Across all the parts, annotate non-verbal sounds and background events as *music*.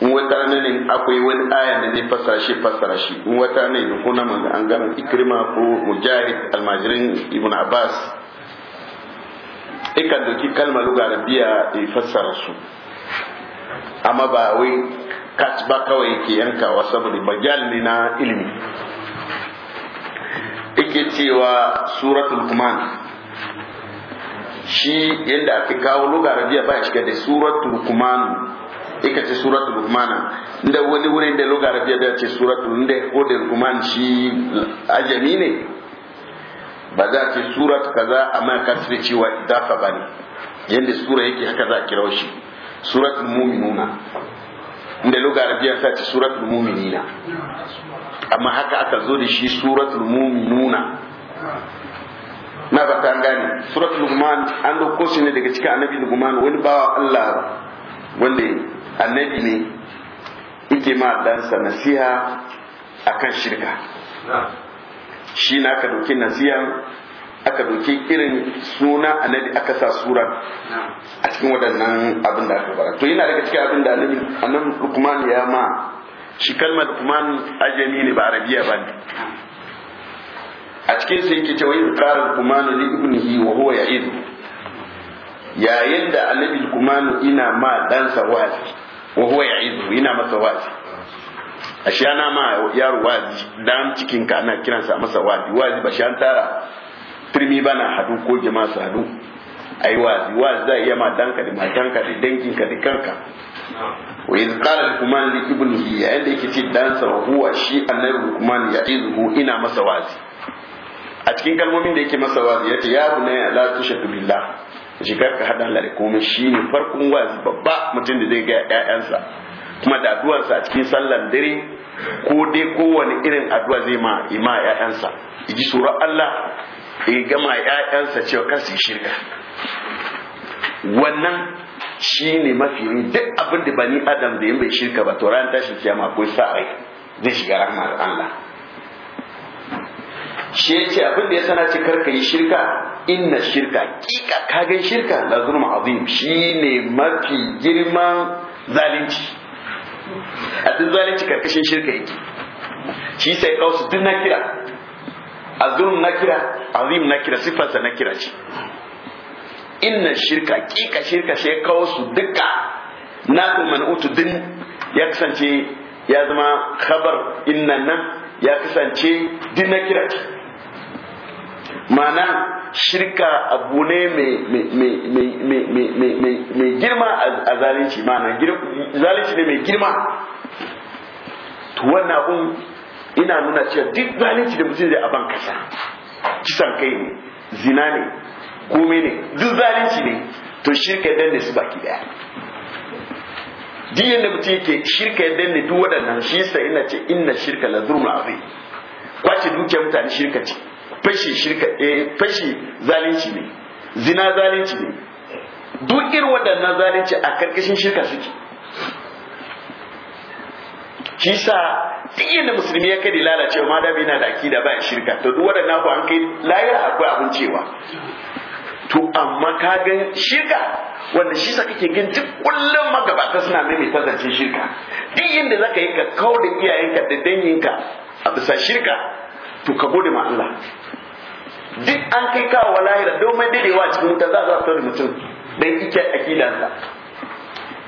in wata ne akwai wani aya da zai fasa shi fasara shi in wata ne kuna mun an gama ikrima ko mujahid almajirin ibn abbas ika doki kalmar arabiya da fasara su amma ba wai kat ba kawai yake yankawa saboda bajal ne na ilimi ike cewa suratul kuman shi yadda aka kawo arabiya ba shiga da suratul kuman ika ce suratul rumana inda wani wuri da lugar rabiya da ce suratul inda ko da rumman shi ajami ne ba za ce surat kaza amma kasri cewa idafa bane yanda sura yake haka za a kira shi suratul mu'minuna inda lugar rabiya ta ce suratul mu'minina amma haka aka zo da shi suratul mu'minuna na bata gani suratul rumman an dauko ne daga cikin annabi rumman wani bawa Allah wanda annabi ne yake ma ɗansa nasiha akan shirka shi na aka doki nasiha aka doki irin suna annabi aka sa sura a cikin waɗannan abin da aka bara to yana daga cikin abin da annabi annabi lukman ya ma shi kalmar lukman ajami ne ba arabiya ba ne a cikin sai yake cewa yin qala lukman li ibnihi wa huwa ya'id yayin da annabi lukman ina ma ɗansa wa'azi Wahuwa ya ya'izu yana masa wazi ashe ana ma yaro wazi dan cikin ka ana kiransa masa wazi wazi ba shi tara turmi bana hadu ko jama'a su hadu ai wazi wazi za iya ma danka da matanka da danginka da kanka wa iz qala luqman li ibnihi yayin da yake ce dansa wa huwa shi annabi luqman ya'izuhu ina masa wazi a cikin kalmomin da yake masa wazi yace ya bunayya la tushrik billah Shigar ka haɗa Allah da komai shine farkon wazi babba mutum da zai ga ƴaƴansa kuma da addu'arsa a cikin sallan dare ko dai kowane irin addu'a zai ma ima ƴaƴansa ji tsoron Allah ya gama ƴaƴansa cewa kar su shirka wannan shine mafi duk abin da bani adam da yin bai shirka ba to ran tashin kiyama akwai sa'a zai shiga rahmar Allah shi ya abin da ya sana ce karka yi shirka inna shirka kika kagan shirka la zulma azim shine mafi girman zalunci a duk zalunci karkashin shirka yake shi sai su duk na kira azum na kira azim na kira sifarsa na kira ce inna shirka kika shirka sai su duka na man'utu din ya kasance ya zama khabar inna nan ya kasance din na kira ce mana shirka abu ne mai girma a zalunci mana zalunci ne mai girma to wannan abun ina nuna cewa duk zalunci da mutum zai a ban kasa kisan kai ne zina ne kome ne duk zalunci ne to shirka dan ne su baki daya duk yadda mutum yake shirka ya ne duk waɗannan shi sa ina ce inna shirka la zulmun azim kwace dukiyar mutane shirka ce fashi shirka eh fashi zalunci ne zina zalunci ne duk ir waɗannan zalunci a karkashin shirka suke shi sa duk musulmi ya kai lalacewa ma da yana da akida ba ya shirka to duk waɗannan ku an kai layar akwai abun cewa to amma ka ga shirka wanda shi sa kake gin duk kullum magabata suna mai ta shirka duk yadda zaka yi ka kawo da iyayenka da danyinka a bisa shirka to ka gode ma Allah duk an kai kawo lahira domin dadewa cikin wuta za a da mutum dan ike akidansa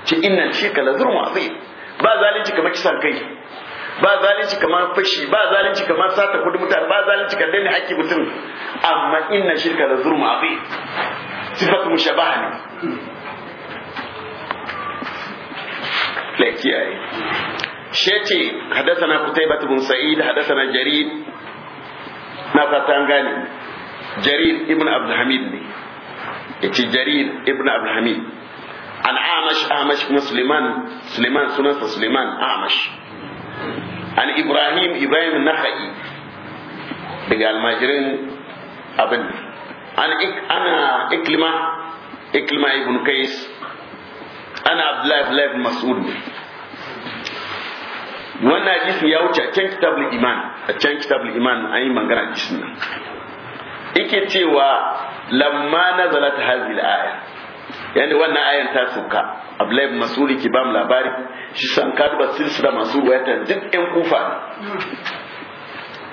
ci innan shirka la zurma fi ba zalunci kamar kisan kai ba zalunci kamar fashi ba zalunci kamar sata kudi mutane ba zalunci kan dani haƙƙi mutum amma inna shirka la zurma fi sifatu mushabaha ne lakiyaye shece حدثنا قتيبة بن سعيد حدثنا جرير na fata an gane jarir ibn abdulhamid ne ya ce jarir ibn abdulhamid an amash amash kuma suleiman suleiman sunansa suleiman amash an ibrahim ibrahim naha'i daga almajirin abin an ana iklima iklima ibn kais ana abdullahi ibn mas'ud ne wannan hadisin ya wuce a can kitabul iman a can kitabul iman an yi magana da shi yake cewa lamma nazalat hadhihi al-aya yani wannan ayan ta suka Abdullahi masuri ki bam labari shi san ka duba silsila masu wayata duk ɗan kufa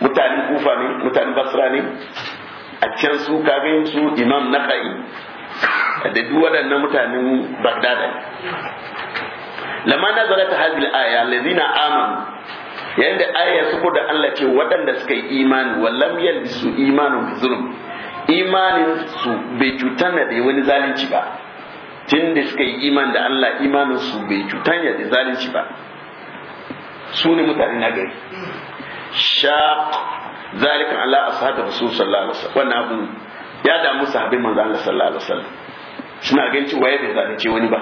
mutanen kufa ne mutanen basra ne a can su gani su imam naqai da duk waɗannan mutanen bagdada lamma nazalat hadhihi al-aya allazina amanu yanda aya suko da Allah ce waɗanda suka yi imani wallam yalbisu imanu bi zulm imanin su bai cutana da wani zalunci ba tun da suka yi iman da Allah imanin su bai cutanya da zalunci ba su ne mutane na gari shaq zalika ala ashabi rasul sallallahu alaihi wasallam wannan abu ya damu sahabbai manzo Allah sallallahu alaihi wasallam suna ganin cewa ya bai zalunci wani ba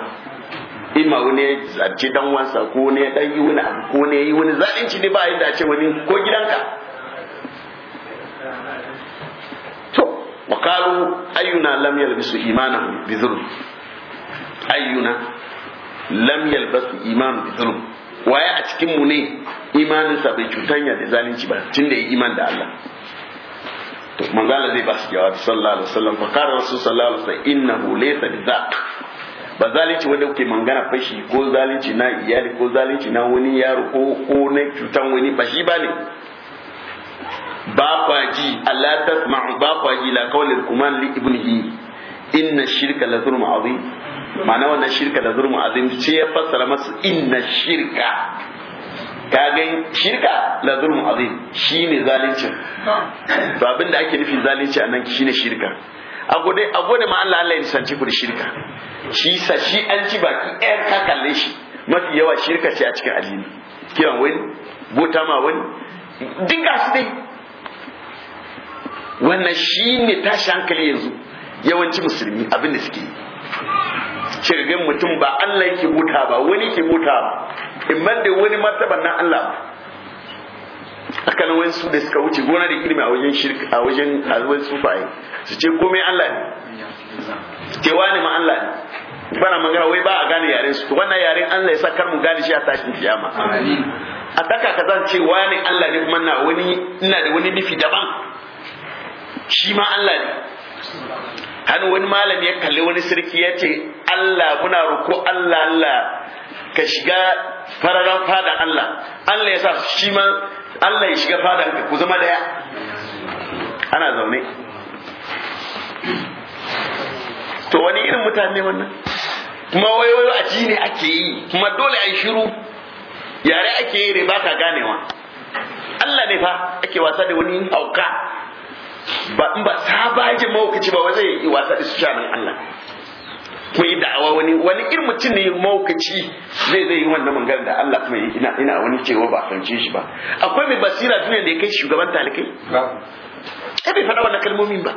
ima wani ya zarce dan wansa ko ne ya dan yi wani abu ko ne, ya yi wani zalunci ne ba yadda dace wani ko gidanka to wakalu ayyuna lam yalbisu imanahu bi zulm ayyuna lam yalbasu imanu bi zulm waye a cikin mu ne sa bai cutanya da zalunci ba tunda ya iman da Allah to manzala zai ba su jawabi sallallahu alaihi wasallam fa qala rasul sallallahu alaihi wasallam innahu laysa bi dhaq ba zalunci wanda kuke mangana fashi ko zalunci na iyali ko zalunci na wani yaro ko ko na cutan wani ba shi bane ba kwaji Allah ma ba kwaji la qawlil kuman li ibnihi inna shirka la zulm azim ma'ana wannan shirka la zulm azim ce ya fassara masu inna shirka Ka ga shirka la zulm azim shine zalunci to abinda ake nufi zalunci anan shine shirka a gode a gode ma Allah Allah ya nisanci ku da shirka shi sa shi an ci baki ɗayan ka kalle shi mafi yawa shirka ce a cikin addini kiran wani bota ma wani dinga su dai wannan shi ne tashi hankali yanzu yawanci musulmi abin da suke shirgin mutum ba Allah yake buta ba wani yake buta ba imman da wani martaban na Allah ba iskan wasu da suka wuce gona da ilimi a wajen shirka a wajen alwai sufaye su ce komai Allah ne ke wani ma Allah ne bana magana wai ba a gane yaren su wannan yaren Allah ya sa kar mu gane shi a tashin kiyama a daka ka zan ce wani Allah ne kuma na wani ina da wani nufi daban shi ma Allah ne hannu wani malami ya kalli wani sarki ya ce Allah kuna roko Allah Allah ka shiga fararen fada Allah Allah ya sa shi ma Allah ya shiga fadanka ku zama daya ana zaune to wani irin mutane wannan kuma wayoyo a ne ake yi kuma dole a shiru yare ake yi ba ka ganewa Allah ne fa ake wasa da wani hauka ba in ba sabaje mawukaci ba wai zai yi wasa da su nan Allah ke da'awa wani wani irin mutum ne maukaci zai zai yi wannan mangan da Allah kuma ina ina wani cewa ba san ce shi ba akwai mai basira duniya da ya kai shugaban talikai ai bai faɗa wannan kalmomin ba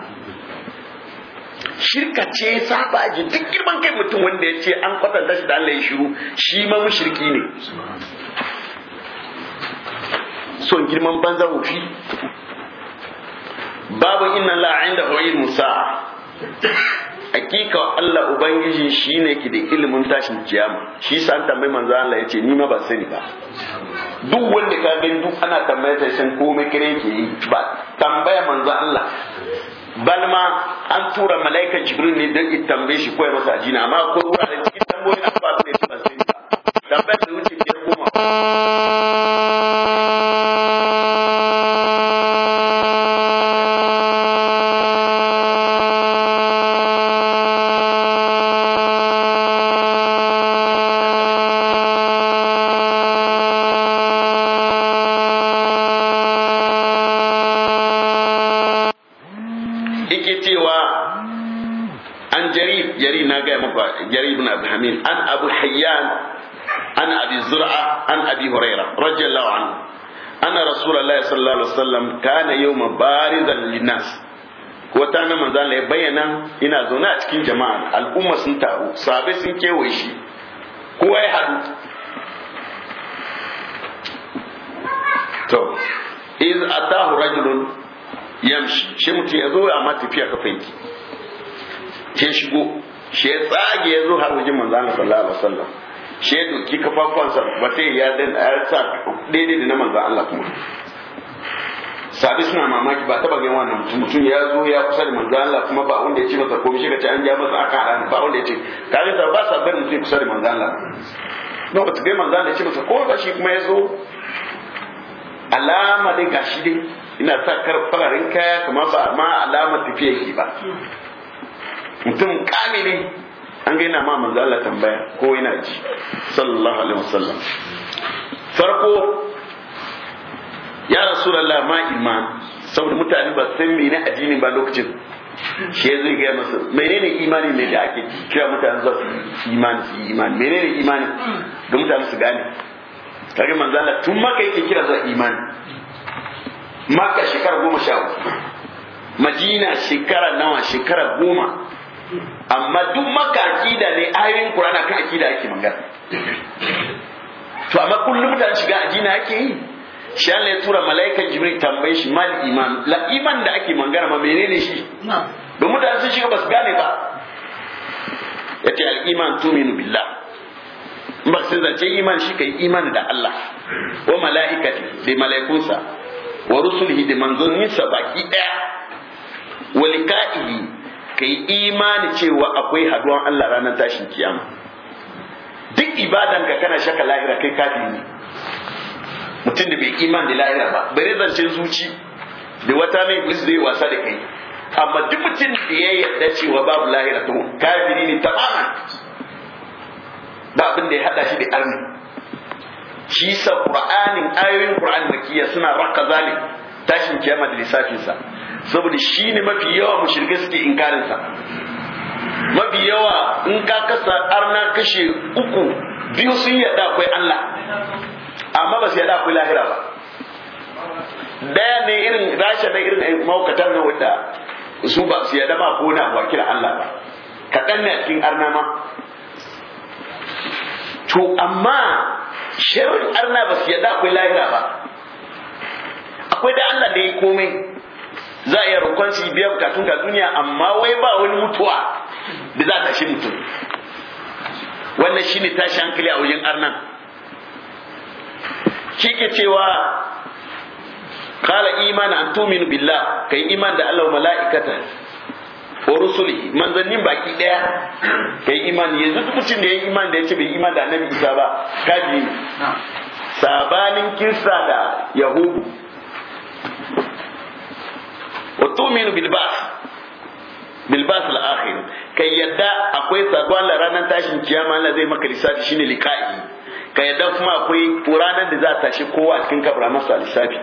shirka ce saba ji duk girman kai mutum wanda ya ce an kwatanta shi da Allah ya shiru shi ma mushriki ne son girman banza wufi babu inna la'ayin da hoyin musa hakika Allah ubangiji shine ki da ilimin tashin kiyama shi sa an tambayi manzo Allah yace ni ma ban sani ba duk wanda ka gani duk ana tambaya sai san komai kire ke yi ba tambaya manzo Allah balma an tura malaika jibril ne don in tambaye shi koyar masa ajina amma ko da cikin tambayoyin ba sai ne ban ba tambayar da wuce ke kuma sallam kana yawma barizan linas, ko ta na manzo Allah ya bayyana ina zaune a cikin jama'a al'umma sun taru sabai sun kewaye shi kowa ya hadu to iz atahu rajulun yamshi shi mutum ya zo amma tafiya kafanki ke shigo shi ya tsage ya zo har wajen manzo Allah sallallahu alaihi wasallam shi ya doki kafafuwansa ba sai ya dan ya sa daidai da na manzo Allah kuma sabi suna mamaki ba taba ganin wannan mutum mutum ya zo ya kusa da manzo Allah kuma ba wanda ya ce masa komai shiga ka ce an ja masa aka haɗa ba wanda ya ce kaga da ba sa barin mutum kusa da manzo Allah no ba ga manzo Allah ya ce masa ko ba shi kuma ya zo alama dai gashi dai ina sa karfarin kaya kuma ba ma alama tafiya yake ba mutum kamili an ga yana ma manzo Allah tambaya ko yana ji sallallahu alaihi wasallam farko ya rasulullah ma imma saboda mutane ba san mene addini ba lokacin shi zai gaya masa menene imani ne da ake kira mutane za su imani su imani menene imani ga mutane su gane kage manzo Allah tun maka yake kira zuwa imani maka shekara goma sha madina shekara nawa shekara goma amma duk maka akida ne ayoyin qur'ana kan akida ake magana to amma kullum mutane shiga ajina ake yi shi Allah ya tura mala'ikan Jibril tambaye shi mal iman la iman da ake mangara ma menene shi domin da sun shiga basu gane ba yace al iman tuminu billah ba sun zance iman shi kai iman da Allah wa mala'ikati da mala'ikunsa wa rusulihi da manzoninsa baki daya wa liqa'ihi kai imani cewa akwai haduwan Allah ranar tashin kiyama duk ibadan ka kana shaka lahira kai kafiri ne mutum da bai iman da lahira ba bare zancen zuci da wata mai iblis zai wasa da kai amma duk mutum da ya yarda cewa babu lahira to kafiri ne ta ba abin da ya hada shi da arni shi sa qur'anin ayoyin qur'an makiyya suna raka zalim tashin kiyama da lissafin sa saboda shi ne mafi yawa mushrike suke inkarin sa mafi yawa in ka kasa arna kashe uku biyu sun yarda akwai Allah amma ba su yada akwai lahira ba daya ne irin rasha na irin maukatan na wanda su ba su yada ba ko na wakil Allah ba kaɗan ne a cikin arnama to amma shirin arna ba su yada akwai lahira ba akwai da Allah da ya komai za a iya roƙon su biya bukatun ga duniya amma wai ba wani mutuwa da za ta shi mutum wannan shi shine tashi hankali a wajen arnan shi cewa kala imana an tuminu billah kai iman da Allah mala'ikata wa rusuli manzannin baki daya kai iman yanzu duk mutum da ya iman da ya bai iman da annabi Isa ba kaji sabanin kirsa da yahudu wa tuminu bil ba'th bilbas al'akhir kai yadda akwai sabon ranar tashin kiyama Allah zai maka lissafi shine liqa'i ka yadda kuma akwai ranar da za a tashi kowa a cikin kabra masa lissafi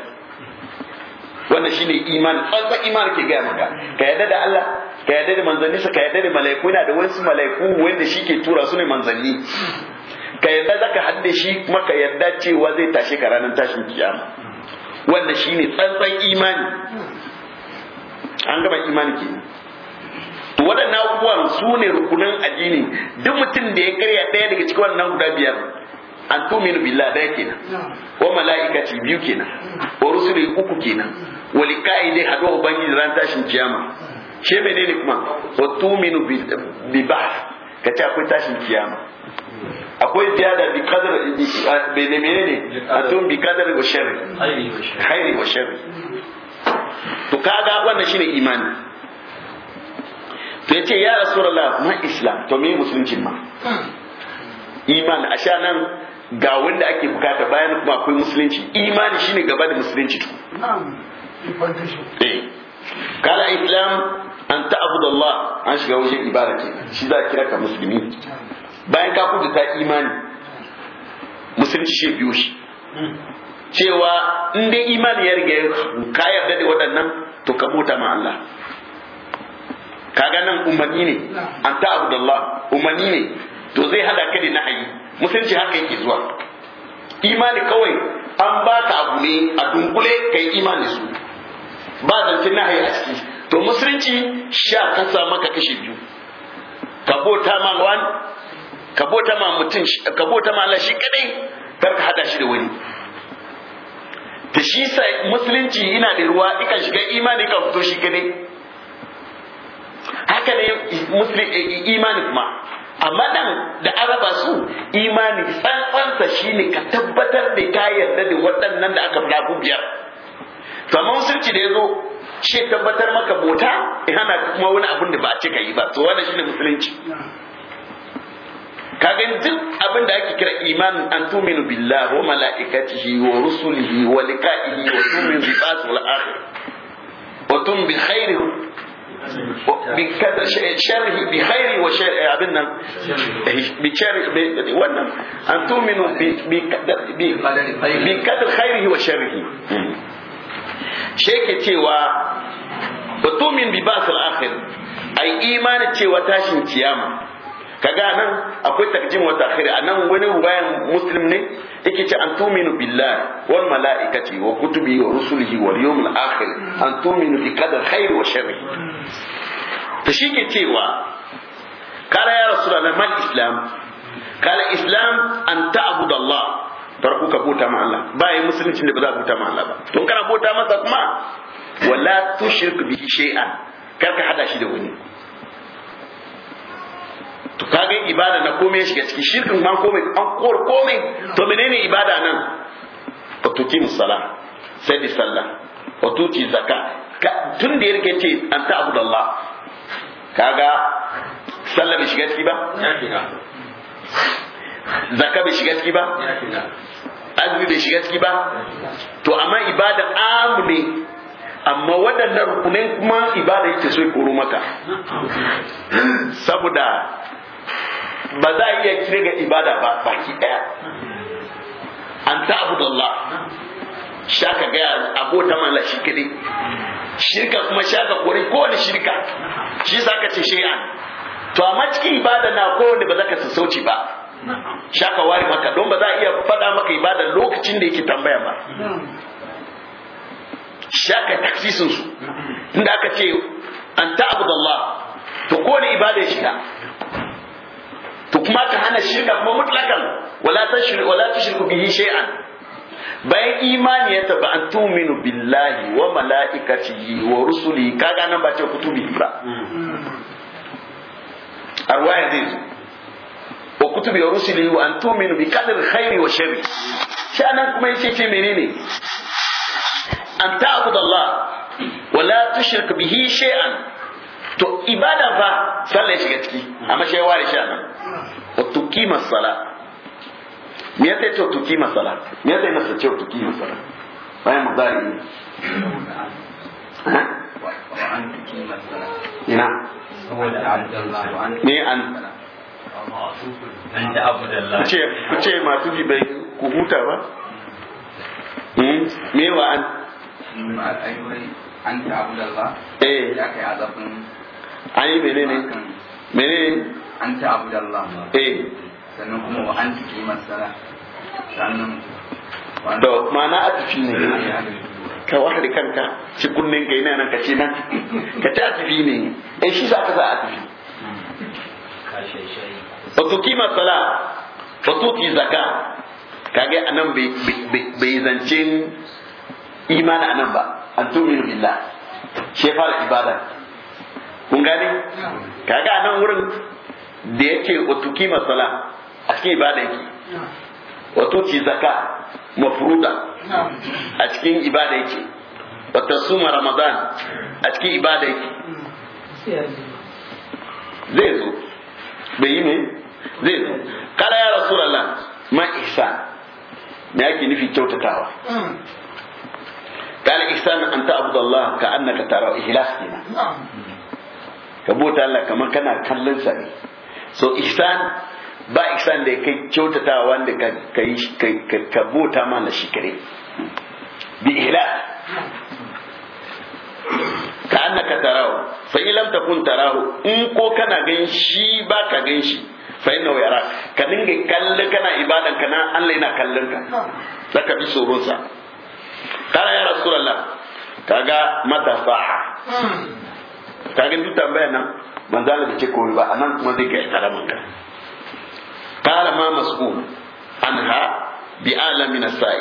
wannan shine iman tsantsan iman ke gaya maka ka yadda da Allah ka yadda da manzanni ka yadda da malaiku na da wasu malaiku wanda shi ke tura su ne manzanni ka yadda ka hadda shi kuma ka yadda cewa zai tashi ka ranar tashin kiyama wannan shine tsantsan imani an gama imani ke to waɗannan abubuwan su ne rukunan addini duk mutum da ya karya ɗaya daga cikin wannan guda biyar an tuminu billah daya kenan wa mala'ikati biyu kenan wa rusuli uku kenan wa liqa'i dai hado ubangiji ran tashin kiyama she menene kuma wa tuminu bi ba kace akwai tashin kiyama akwai ziyada bi kadar bi ne menene tun bi kadar wa sharri khairi wa sharri to kaga wannan shine imani to yace ya rasulullah ma islam to me musulunci ma iman ashanan nan ga wanda ake bukata bayan kuma akwai musulunci imani shine gaba da musulunci to eh. kala islam an ta'budu Allah an shiga wajen ibada ke shi za kira ka musulmi bayan ka kudu ta imani musulunci shi biyo shi hmm. cewa in dai imani ya riga ka yarda da waɗannan to ka mota ma Allah kaga nan umarni ne an ta'budu Allah umarni ne to zai hada ka da nahayi musulunci haka yake zuwa imani kawai an ba ka abu ne a dunkule ka yi imani su ba zancen nahayi a ciki to musulunci sha ka sa maka kashe biyu ka bota ma wani ka bota ma mutum ka bota ma Allah shi kadai kar ka hada shi da wani da shi sa musulunci ina da ruwa ikan shiga imani ka fito shi kadai haka ne eh, imani kuma amma nan da an su imani shi shine ka tabbatar da ka yarda da waɗannan da aka fada biyar to amma da ya zo shi tabbatar maka bota ya hana kuma wani abin da ba a ce ka yi ba to wannan shine musulunci kagan duk abin da ake kira imanin an tuminu billah wa mala'ikatihi wa rusulihi wa liqa'ihi wa tu'minu bi ba'd wa tum bi khairihi sharhi bi khairi wa eh, abin nan eh, bi sharhi wannan an tuminu bi kadar khairihi wa sharhi hmm. sheke cewa wa tumin bi ba'sal akhir ai imani cewa tashin kiyama kaga nan akwai takjim wa takhir anan wani bayan muslim ne yake ce an tuminu billahi wal malaikati wa kutubi wa rusulihi wal yawmil akhir an tuminu bi qadar khair wa sharri to ke cewa kala ya rasulullah mal islam kala islam an ta'budu allah tar ka bota ma Allah ba musulunci ne ba za ka bota ma Allah ba to kana bota masa kuma wala tushrik bi shay'an kar ka hada shi da wani to kage ibada na komai shiga cikin shirkin ma komai an kor komai to menene ibada nan fa tuki musala, sai di sallah wa tuti zaka tun da yake ce an ta abudallah kaga sallah bai shiga ciki ba zaka bai shiga ciki ba azumi bai shiga ciki ba to amma ibada amu ne amma waɗannan rukunin kuma ibada yake so ya koro maka *laughs* saboda ba za a iya kire ga ibada ba baki daya an ta abu Allah shaka gaya abota mala shi kadai shirka kuma shaka kore kowane shirka shi za ka ce shay'an to amma cikin ibada na kowane ba za ka sassauci ba shaka wari maka don ba za a iya faɗa maka ibada lokacin da yake tambaya ba shaka taksisin su inda aka ce an ta abu Allah to kowane ibada ya shiga to kuma ka hana shirka kuma mutlakan wala tashriku wala tushriku bihi shay'an bayan imani ya taba an tuminu billahi wa mala'ikatihi wa rusuli kaga nan ba ce kutubi ba arwaya zai zo wa kutubi wa rusuli wa an tuminu bi qadri khairi wa sharri shanan kuma yace ce menene an ta'budu Allah wa la tushrik bihi shay'an to ibada fa sallah ya shiga ciki amma shi ware shi anan wa tuqima sala me yasa to tuqima sala me yasa yana sace tuqima sala bayan mudari ne ina ne an ce ku ce masu bi bai ku huta ba hmm? me wa an an ta abu da Allah eh. ya kai azabin an yi menene menene an ta abu da Allah eh sannan kuma wa an tuki masara sannan da mana a tafi ne ka wahar da kanka ci kunnen ka yana nan ka ce nan ka ta tafi ne eh shi za ka za a tafi wa tuki masala wa tuki zaka kage anan bai zance imani anan ba an tuminu billah shi fara ibada kun gane kaga nan wurin da yake utuki masala a cikin ibada yake wato ci zaka mafruda a cikin ibada yake wato suma ramadan a cikin ibada yake zai zo bai yi ne zai zo kala ya rasulallah ma isa ne yake nufi kyautatawa قال إحسان أن تعبد الله كأنك ترى إخلاص ka bota Allah kamar kana kallon sa ne so ihsan ba ihsan da kai kyautata wanda ka yi ka bota mana shi kare bi ihlas ka annaka tarahu fa in lam takun tarahu in ko kana gan shi ba ka gan shi fa inna yara ka dinga kalle kana ibadan ka na Allah yana kallon ka zaka bi tsoron sa kana ya rasulullah kaga matafaha hmm. kagin duk tambaya nan manzo Allah bai ce ba anan kuma zai ga karaman ka kala ma mas'ul anha bi alamin asai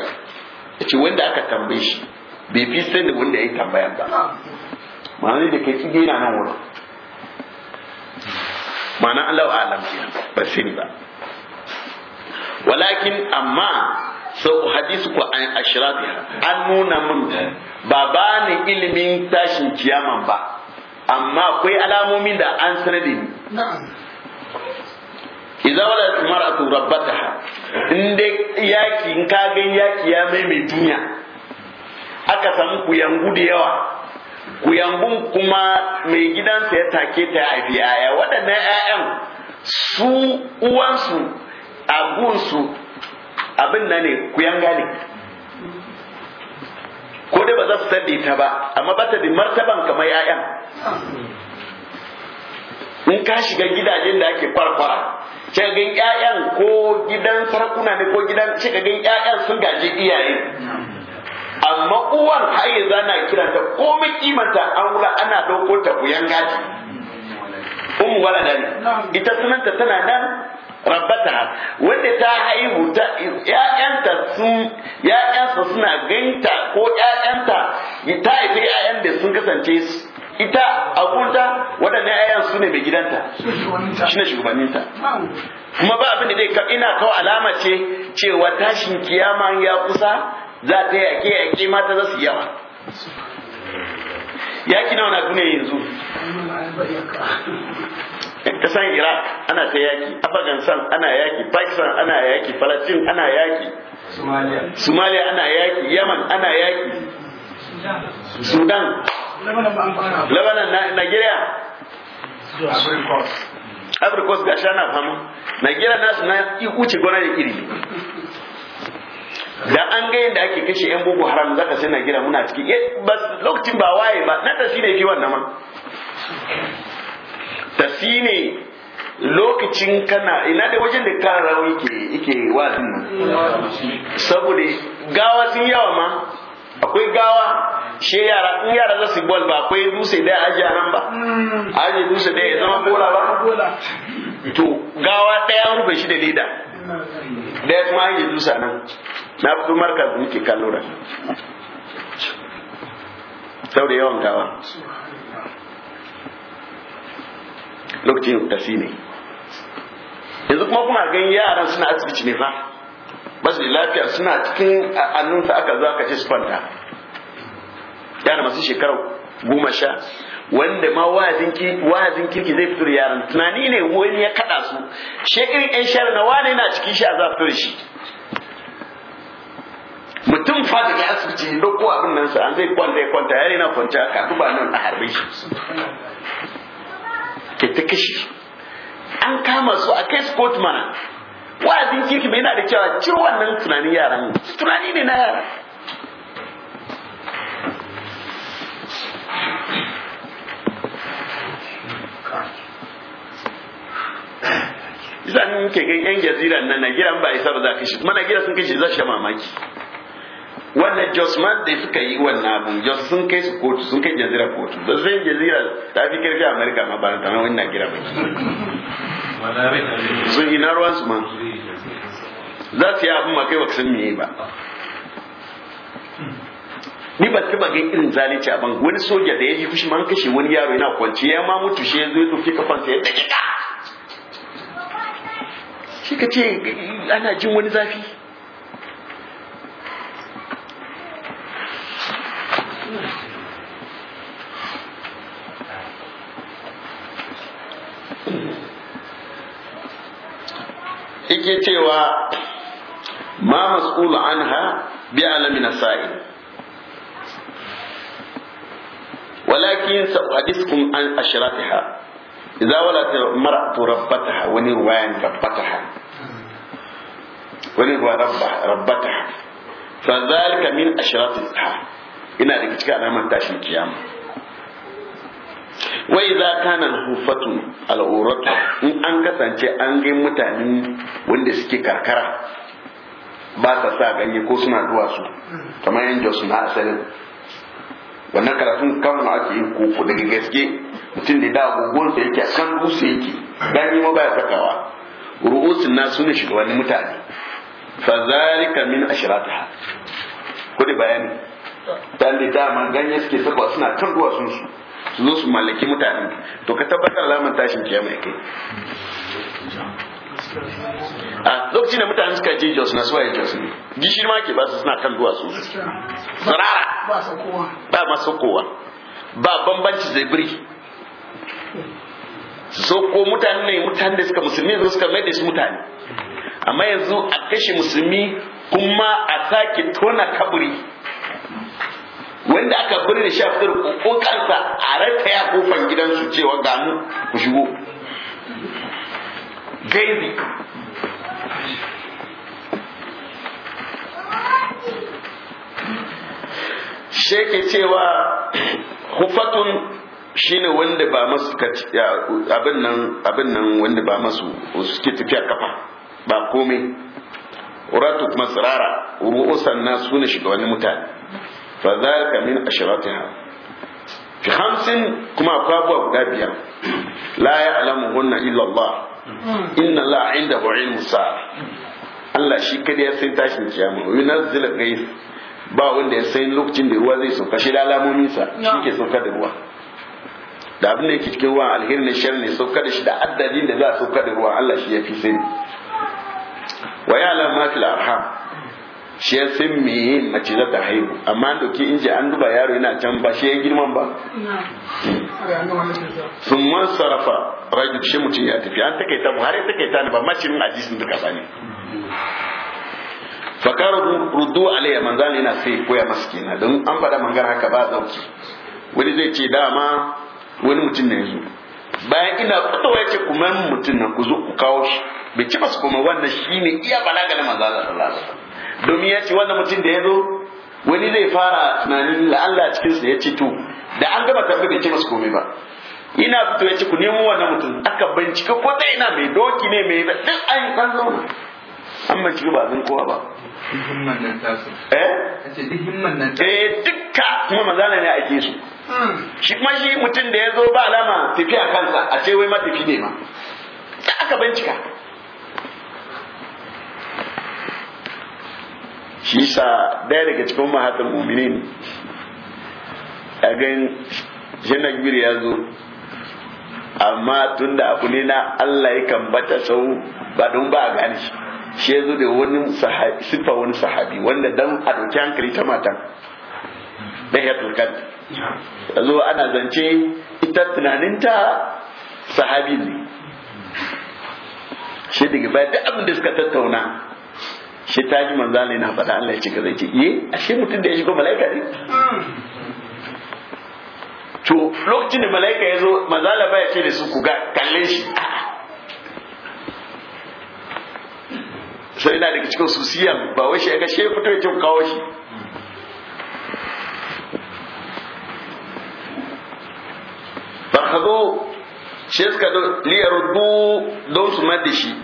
yace wanda aka tambaye shi bai fi sani wanda yayi tambayan ba ma'ana da ke cike yana nan wurin ma'ana Allah alam ba sani ba walakin amma sau hadisu ku an ashirafiha an nuna mun ba ba ni ilimin tashin kiyaman ba amma akwai alamomin da an sanar da ni idza wala mar'atu rabbataha inde yaki in ka gan yaki ya mai mai duniya aka samu kuyangu da yawa kuyangun kuma mai gidansa ya take ta a yaya waɗannan 'ya'yan su uwansu agunsu abin nan ne kuyanga ne ko dai ba za su sadde ta ba amma ba ta da martaban kamar yayan in ka shiga gidajen da ake kwarkwara cika gan ƴaƴan ko gidan sarakuna ne ko gidan cika gan ƴaƴan sun gaji iyaye amma uwar haye zana kiranta komai kimanta an wula ana dauko ta buyan gaji umu walada ita sunanta tana nan rabbata wanda ta haihu ta ƴaƴanta sun ƴaƴansa suna ganta ko ƴaƴanta ta haifi ƴaƴan da sun kasance ita a kunta waɗannan ƴaƴan su ne mai gidanta shi shine shugabanninta kuma ba abin da zai ina kawo alama ce cewa tashin kiyama ya kusa za ta yaƙe yaƙe mata za su yawa yaki nawa na duniya yanzu kasan iraq ana ta yaki afghanistan ana yaki pakistan ana yaki palestine ana yaki somalia ana yaki yaman ana yaki sudan lebanon nigeria afrikos ga sha na fama nigeria nasu na wuce gona da iri da an ga yadda ake kashe yan boko haram zaka sai nigeria muna ciki eh, lokacin ba waye ba na tashi ne fi wannan ma tafi ne lokacin kana ina da wajen da kan rawi ke yake wazin nan saboda gawa sun yawa ma akwai gawa she yara in yara za su bol ba akwai dutse da aji a nan ba mm. aji dutse da ya zama bola ba to gawa daya an rufe shi da leda mm. ɗaya kuma an yi dutse nan na fito marka da muke kallo da sau da yawan gawa lokacin tafi ne yanzu kuma kuna ganin yaran suna asibiti ne fa ba su da lafiya suna cikin annunsa aka zo aka ce su kwanta yana masu shekara goma sha wanda ma wa'azin kirki zai fito da yaran tunani ne wani ya kada su shekirin yan shari'a na wane na cikin shi a za fito da shi mutum fata ya asibiti ne ko abin nan sa an zai kwanta ya kwanta yare na kwanta ka tuba nan a harbe shi aka ta kashe su an kama su a kai sport mana wa'azin kirki mai yana da cewa ciro wannan tunanin yaran tunani ne na yara zan ke gan yan jazira nan na gidan ba isa ba za ka shi mana gida sun kashe za shi mamaki wannan jos da suka yi wannan abun jos sun kai su kotu sun kai jazira kotu da zai jazira ta fi karfi a amerika ma ba ta wani na gira mai sun ina ruwan su ma za su yi abin ma kai baka san ba ni ba ta ga irin zalunci a ban wani soja da ya ji kushi man kashe wani yaro yana kwanci ya ma mutu shi ya zo ya kafan kafansa ya dakika shi ka ce ana jin wani zafi yake cewa ma mas'ulu anha bi alamin sa'il walakin sa'adiskum an ashratiha idza walat mar'atu rabbataha wa nirwan rabbataha wa nirwa rabbataha fa dhalika min ashratiha ina da cikin alamar tashin kiyama wai za ta kana hufatu al'uratu in an kasance an ga mutane wanda suke karkara ba sa sa ganye ko suna duwatsu kamar yan jos na asalin wannan karatun kamun ake yin koko daga gaske mutum da da agogonsa yake a kan dutse yake ganye ma baya sakawa ru'usin na suna shugabannin mutane fa zalika min ashratiha kudi bayani dan da dama ganye suke saka suna kan duwatsun su su zo su mallaki mutane to ka tabbatar alaman tashin kiyama ya kai a lokacin da mutane suka je jos na suwaye jos ne gishiri ma ke ba su suna kan duwatsu sarara ba ma kowa ba bambanci zaibiri so ko mutane ne mutane da suka musulmi yanzu suka mai da su mutane amma yanzu a kashe musulmi kuma a sake tona kaburi wanda aka birni shi ko kokansa a rataya kofan gidansu cewa ga mu ku shigo gaibi ke cewa hufatun shine wanda ba masu abin nan abin nan wanda ba masu suke tafiya kafa ba komai ratu kuma tsirara ru'usan na su ne wani mutane فذلك من min في خمس hamsin kuma akwai abubuwa guda biyar la ya alamu hunna illa Allah inna la Allah shi kada ya sai tashin kiyama wa yunazzil ghayth ba wanda ya sai lokacin da ruwa zai sauka shi lalamomin sa shi ke sauka da ruwa da abin da yake cikin ruwa alheri ne shar ne sauka da shi da addadin da za a sauka da ruwa Allah shi ya fi sai wa ya ma fil arham shi ya san meye mace za ta haihu amma an ke inji an duba yaro yana can ba shi ya girman ba sun man sarrafa rajin shi mutum ya tafi an takaita mu har ya takaita ni ba macirin sun duka bane. ne fakar rudu alayya manzan yana sai koya masu kenan don an faɗa mangar haka ba dauki wani zai ce dama wani mutum ne zo bayan ina fitowa ya ce kuma mutum na ku zo ku kawo shi bai ci ba su kuma wannan shine iya balaga na manzan sallallahu alaihi wasallam domin ya ce wannan mutum da ya zo wani zai fara tunanin la'alla cikinsa ya ce to da an gama tambayar bai ce masu komai ba ina fito ya ce ku nemo wannan mutum aka bincika ko ta ina mai doki ne mai duk an yi kallo an bincika ba zan kowa ba eh? eh dukka kuma manzana ne ake su hmm. shi kuma shi mutum da ya zo ba alama tafiya kansa a ce wai matafi ne ma da aka bincika shi sa daya daga cikin mahatan muminin a gan janar ya zo amma tun da abu ne na Allah yakan bata sau ba don ba a gani shi ya zo da wani sifa wani sahabi wanda dan a ɗauki hankali ta matan da ya turkan ya zo ana zance ita tunaninta sahabi ne shi daga bayan duk abin da suka tattauna shi ta ji manzo Allah yana faɗa Allah ya ce kaza yi eh, a shi mutum da ya shigo malaika ne to lokacin da malaika ya zo mazala ba ya ce da su ku ga kallon shi sai yana daga cikin susiya ba wai shi ya ga shi fito ya ce kawo shi farhado shi suka liyar don su mada shi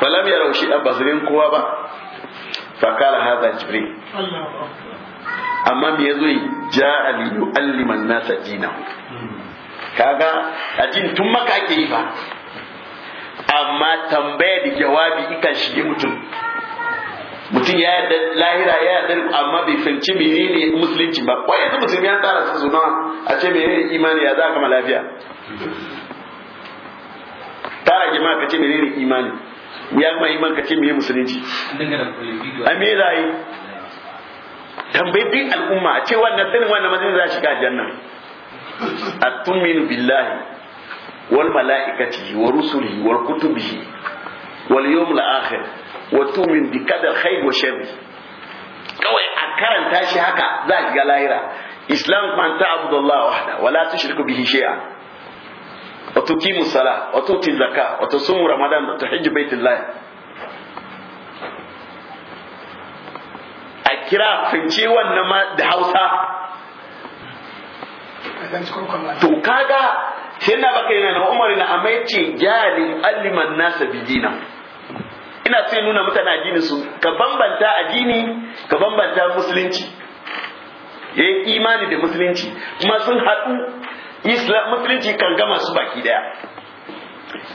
falam ya raushi a bazirin kowa ba fakara haza jibril amma me zo yi ja'a li yu'alliman nasa dinahu kaga ajin tun maka ake yi ba amma tambaya da jawabi ikan shige mutum mutum ya yarda lahira ya yarda amma bai fahimci ne musulunci ba ko yanzu musulmi an tsara su nawa a ce menene imani ya za a kama lafiya tara jama'a ka ce menene imani ya ma iman ka ce me musulunci a me tambayi duk al'umma a ce wannan sanin wannan mazin za shiga janna atuminu billahi wal mala'ikatihi wa rusulihi wal kutubihi wal yawmil akhir wa tu'min bi qadar khair wa shar kawai a karanta shi haka za ki ga lahira islam man ta abdullah wahda wala tushriku bihi shay'an وتقيم wato sun ramadan وتصوم رمضان وتحج بيت A kira fince wannan ma da hausa to kaga sai na baka yana na umar na amma yace jalin alliman nasa bidina ina sai nuna mutane addinin su ka bambanta addini ka bambanta musulunci yayin imani da musulunci kuma sun haɗu islam musulunci kan gama su baki daya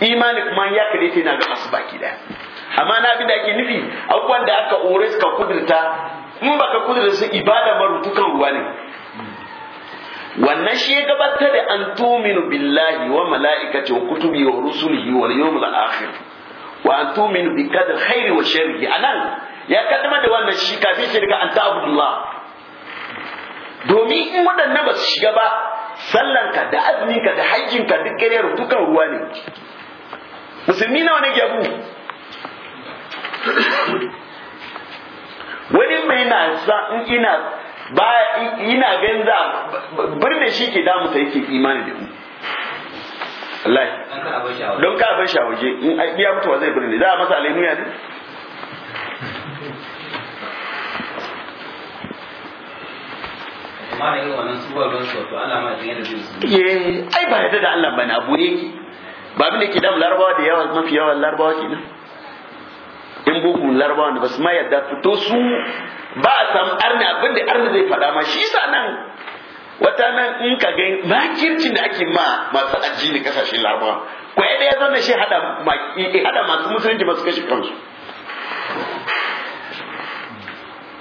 imani kuma ya kare ta na gama su baki daya amma na abin da ake nufi abubuwan da aka ore suka kudurta in baka kudurta su ibada marutukan ruwa ne wannan shi ya gabatar da an tuminu billahi wa mala'ikati wa kutubi wa rusulihi wa yawmul akhir wa an tuminu bi qadar khairi wa sharri anan ya kaddama da wannan shi kafin shi daga an ta abdullah domin in waɗannan ba su shiga ba sallanka da azminka da hajjinka duk ƙaryar dukan ruwa ne musulmi nawa ne gyabu wani mai na sa in ina ba ina ganza birne shi ke damu ta yake imani da mu Allah don ka bar shawaje in ai in ya mutuwa zai birne za a masa alaimuya ne amma da irin wannan su ba ruwan su wato Allah ma ya da su ye eh, ai ba yadda da Allah bane abu yake ba abin da ke damu larabawa da yawa mafi yawan larabawa ke nan in bugu larabawa da ba su ma yadda fito su ba a samu arna abin da arna zai faɗa ma shi sa nan wata nan in ka ga makircin da ake ma masu addini kasashen larabawa ko ya zo na shi hada masu musulunci masu kashe kansu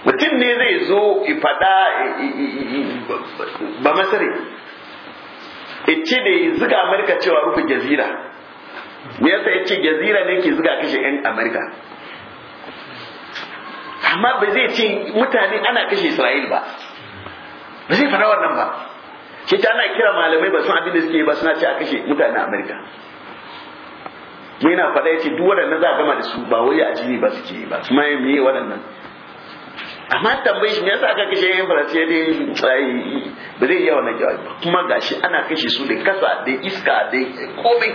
mutum ne zai zo faɗa ba masare ce da ya zuga amurka cewa rufe jazira me yasa ya ce jazira ne ke zuga kashe 'yan amurka amma ba zai ce mutane ana kashe isra'il ba ba zai fara wannan ba ke ta ana kira malamai ba sun abin da suke ba suna ce a kashe mutane amurka yana faɗa ya ce duk waɗannan za a gama da su ba wai a jini ba suke ba su ma yi waɗannan amma tambayi shi me yasa aka kashe yan faransa dai tsayi ba zai iya wannan jawabi ba kuma gashi ana kashe su da kasa da iska da komai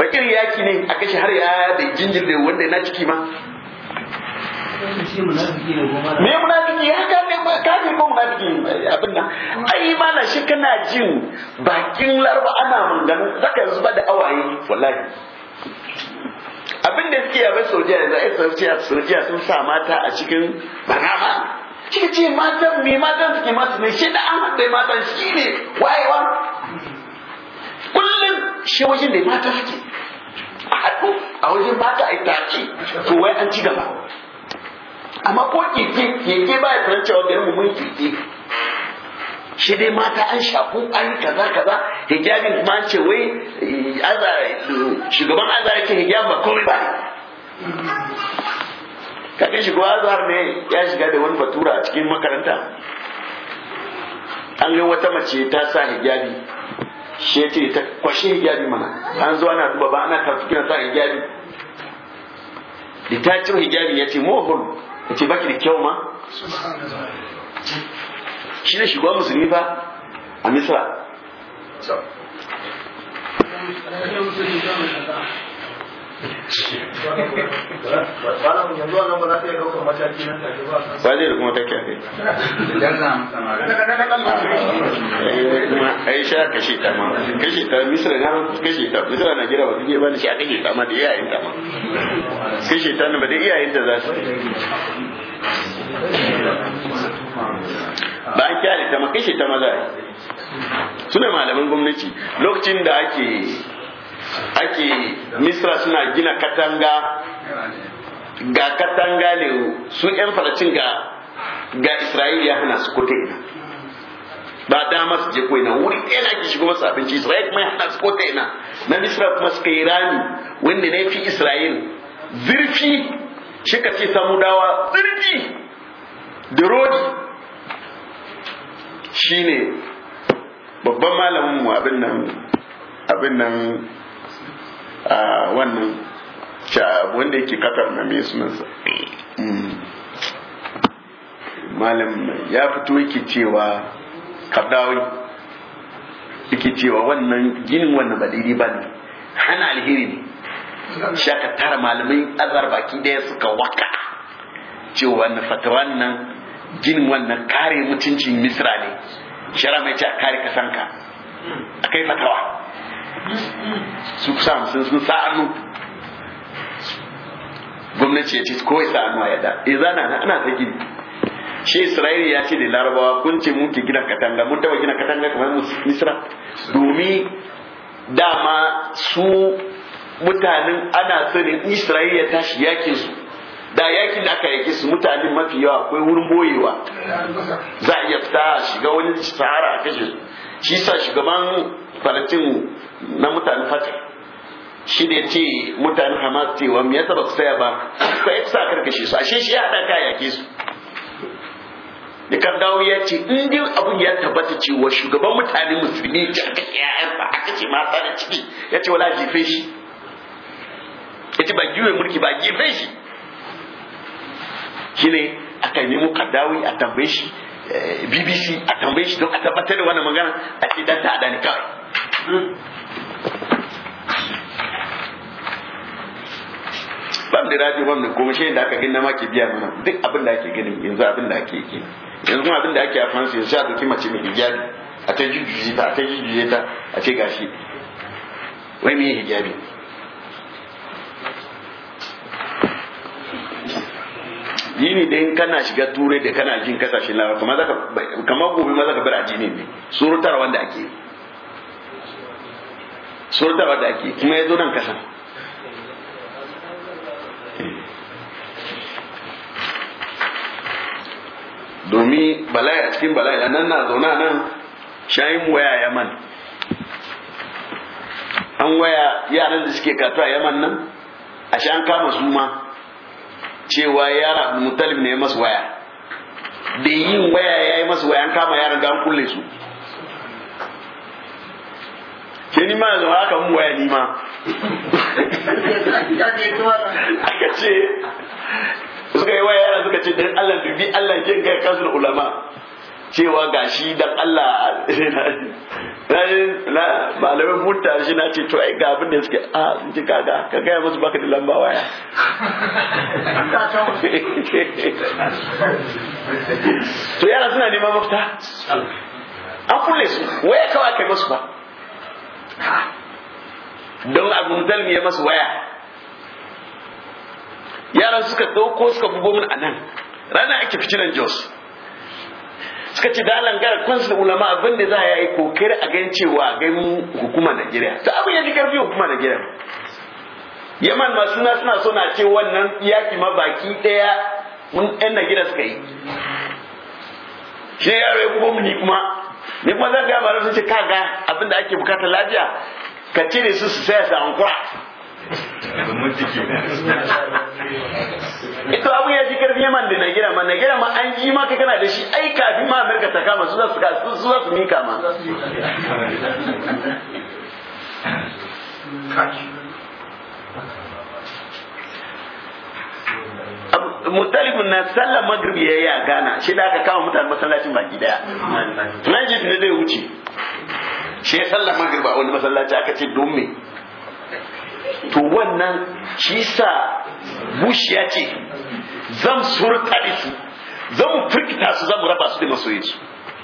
bakir yaki ne a kashe har ya da jinjin da wanda na ciki ma me munafiki ka ne ne ko munafiki abin nan ai mana shi kana jin bakin larba ana ganin zaka ba da awaye wallahi abin da suke yaban saudiya yanzu ai saudiya saudiya sun sa mata a cikin banama kike ce matan me matan suke mata ne shi da amma dai matan shi ne wayewa kullum shi wajen da mata suke a haɗu a wajen mata a taci to wai an ci gaba amma ko keke keke ba ya fahimci cewa garin mu mun keke shi dai mata an shafu an yi kaza kaza hijabin kuma an ce wai shugaban azar yake hijab ba komai ba kaga shugaban azar ne ya shiga da wani fatura a cikin makaranta an ga wata mace ta sa hijabi shi ce ta kwashe hijabi mana an zo ana duba ba ana karfi kina sa hijabi da ta ciro hijabi ya ce mohol ya ce baki da kyau ma shi ne shugaban musulmi ba a misra ba zai da kuma take a kai ai sha kashe ta ma kashe ta misra na kashe ta misra na gira ba take ba sha kashe ta ma da iyayen ta ma kashe ta ne ba da iyayen ta za su ba an kyale ta makashi ta maza suna malamin gwamnati lokacin da ake ake misra suna gina katanga ga katanga ne su yan falacin ga ga isra'ila ya hana su kote ina ba dama su je koina wuri ɗaya na shigo masu abinci isra'il kuma ya hana su kote ina na misra kuma suka yi rami wanda na fi isra'il zirfi shi ka ce samu dawa zirfi da rodi shine babban malamin mu abin nan abin nan a wannan wanda yake kafar na mai sunansa mm. malam ya fito yake cewa kaddawi yake cewa wannan ginin wannan ba daidai ba ne hana alheri ne shaka tara malamai azar baki daya suka waka cewa na fatawan nan ginin wannan kare mutuncin misra ne shara mai ce a kare kasanka a kai fatawa su kusa hamsin sun sa hannu gwamnati ya ce kowai sa hannu a yada e eh, zana na ana ta gini shi isra'ila ya ce da larabawa kun ce mun ke gina katanga mun taba gina katanga kamar misra domin dama su mutanen ana sanin isra'ila ya tashi yakin su da yakin da aka yake su mutane mafi yawa akwai wurin boyewa za a iya fita shiga wani sahara a kashe su shi sa shugaban falatin na mutane fatar shi da ce mutane hamas ce wa yasa ba su saya ba ku yi sa karkashe su ashe shi ya haɗa ka yake su da kaddawo ya ce in dai abin ya tabbata cewa shugaban mutane musulmi ya kashe ƴaƴansa aka ce mata da ciki ya ce wala jefe shi ya ce ba giwe mulki ba jefe shi shine aka nemo kaddawi a tambaye shi eh, bbc a tambaye shi don a tabbatar da wannan magana a ce dan ta adani kawai hmm. ban da radio ban da kuma shi da aka gina ma ke biya mana duk abin da ake gani yanzu abin da ake yi yanzu kuma abin da ake a faransa yanzu a doki mace mai hijabi a ta jujjuye ta a ta jujjuye ta a ce gashi wai me hijabi yini da in kana shiga ture da kana jin kasashen larabawa kamar zaka kamar gobe ma zaka bar addini ne surutar wanda ake surutar wanda ake kuma yazo nan kasan domin bala'i a cikin bala'i a nan na zauna nan shayin waya yaman an waya yaran da suke katu a yaman nan a sha an kama su ma cewa yara mutalib ne ya masu waya da yin waya ya yi masu waya an kama yaran ga an kulle su ke nima yanzu haka mun waya nima aka ce suka yi waya yara suka ce dan Allah dubi Allah ke ga kasu da ulama cewa gashi dan Allah *laughs* na malamin mutta shi na ce to ai ga abin da suke a ah, ji kaga ka gaya musu baka da lamba waya *laughs* to yara suna neman mafita an kulle su waya kawa kai musu ba don abu dalmi ya masu waya yaran suka ɗauko suka bugo min a nan rana ake fitinan jos suka ce da Allah gara kwansu ulama abin da za a yi kokari a gan cewa gai mu hukuma Najeriya to abin ya ji karfi hukuma Najeriya Yaman ma suna suna so na ce wannan yaki ma baki daya mun ɗan Najeriya suka yi shi yaro ya kuma mu ni kuma ni kuma zan ga ba su ce kaga abin da ake bukata lafiya ka cire su su saya su ankura to abu ya ji karfi yaman da nagira ma nagira ma an ji maka kana da shi ai kafin ma amurka ta kama su za su su za su mika ma mutalibin na sallar magrib ya yi a ghana shi da aka kama mutane masallacin baki daya nan ji da zai wuce shi sallar magrib a wani masallaci aka ce don me to wannan shi sa bush ya ce zan da su zan firkita su zan raba su da masoyinsu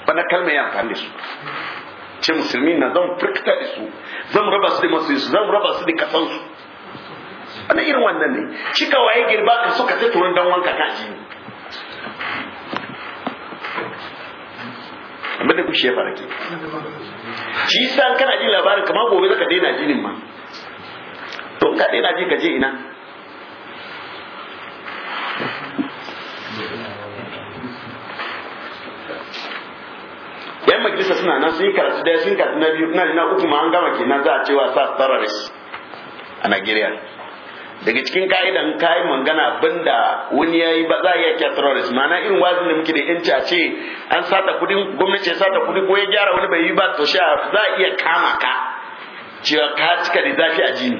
bana kalma ya amfani da su ce musulmi na zan firkita da su zan raba su da masoyinsu zan raba su da kasansu ana irin wannan ne shi ka waye girba ka so ka sai turin dan wanka ka ji amma da bush ya fara ke shi sa kana jin labarin kamar gobe zaka daina jinin ma to ka dai na je ka je ina yan majalisa suna nan sun yi karatu daya sun karatu na biyu na uku ma an gama kenan za a cewa sa terrorist a Nigeria daga cikin ka'idan kayan mangana abinda wani ya yi ba za a iya kya terrorist ma'ana irin wazin da muke da yanci a ce an sata kudin gwamnati ya sata kudi ko ya gyara wani bai yi ba to sha za a iya kama ka cewa ka cika da zafi a jini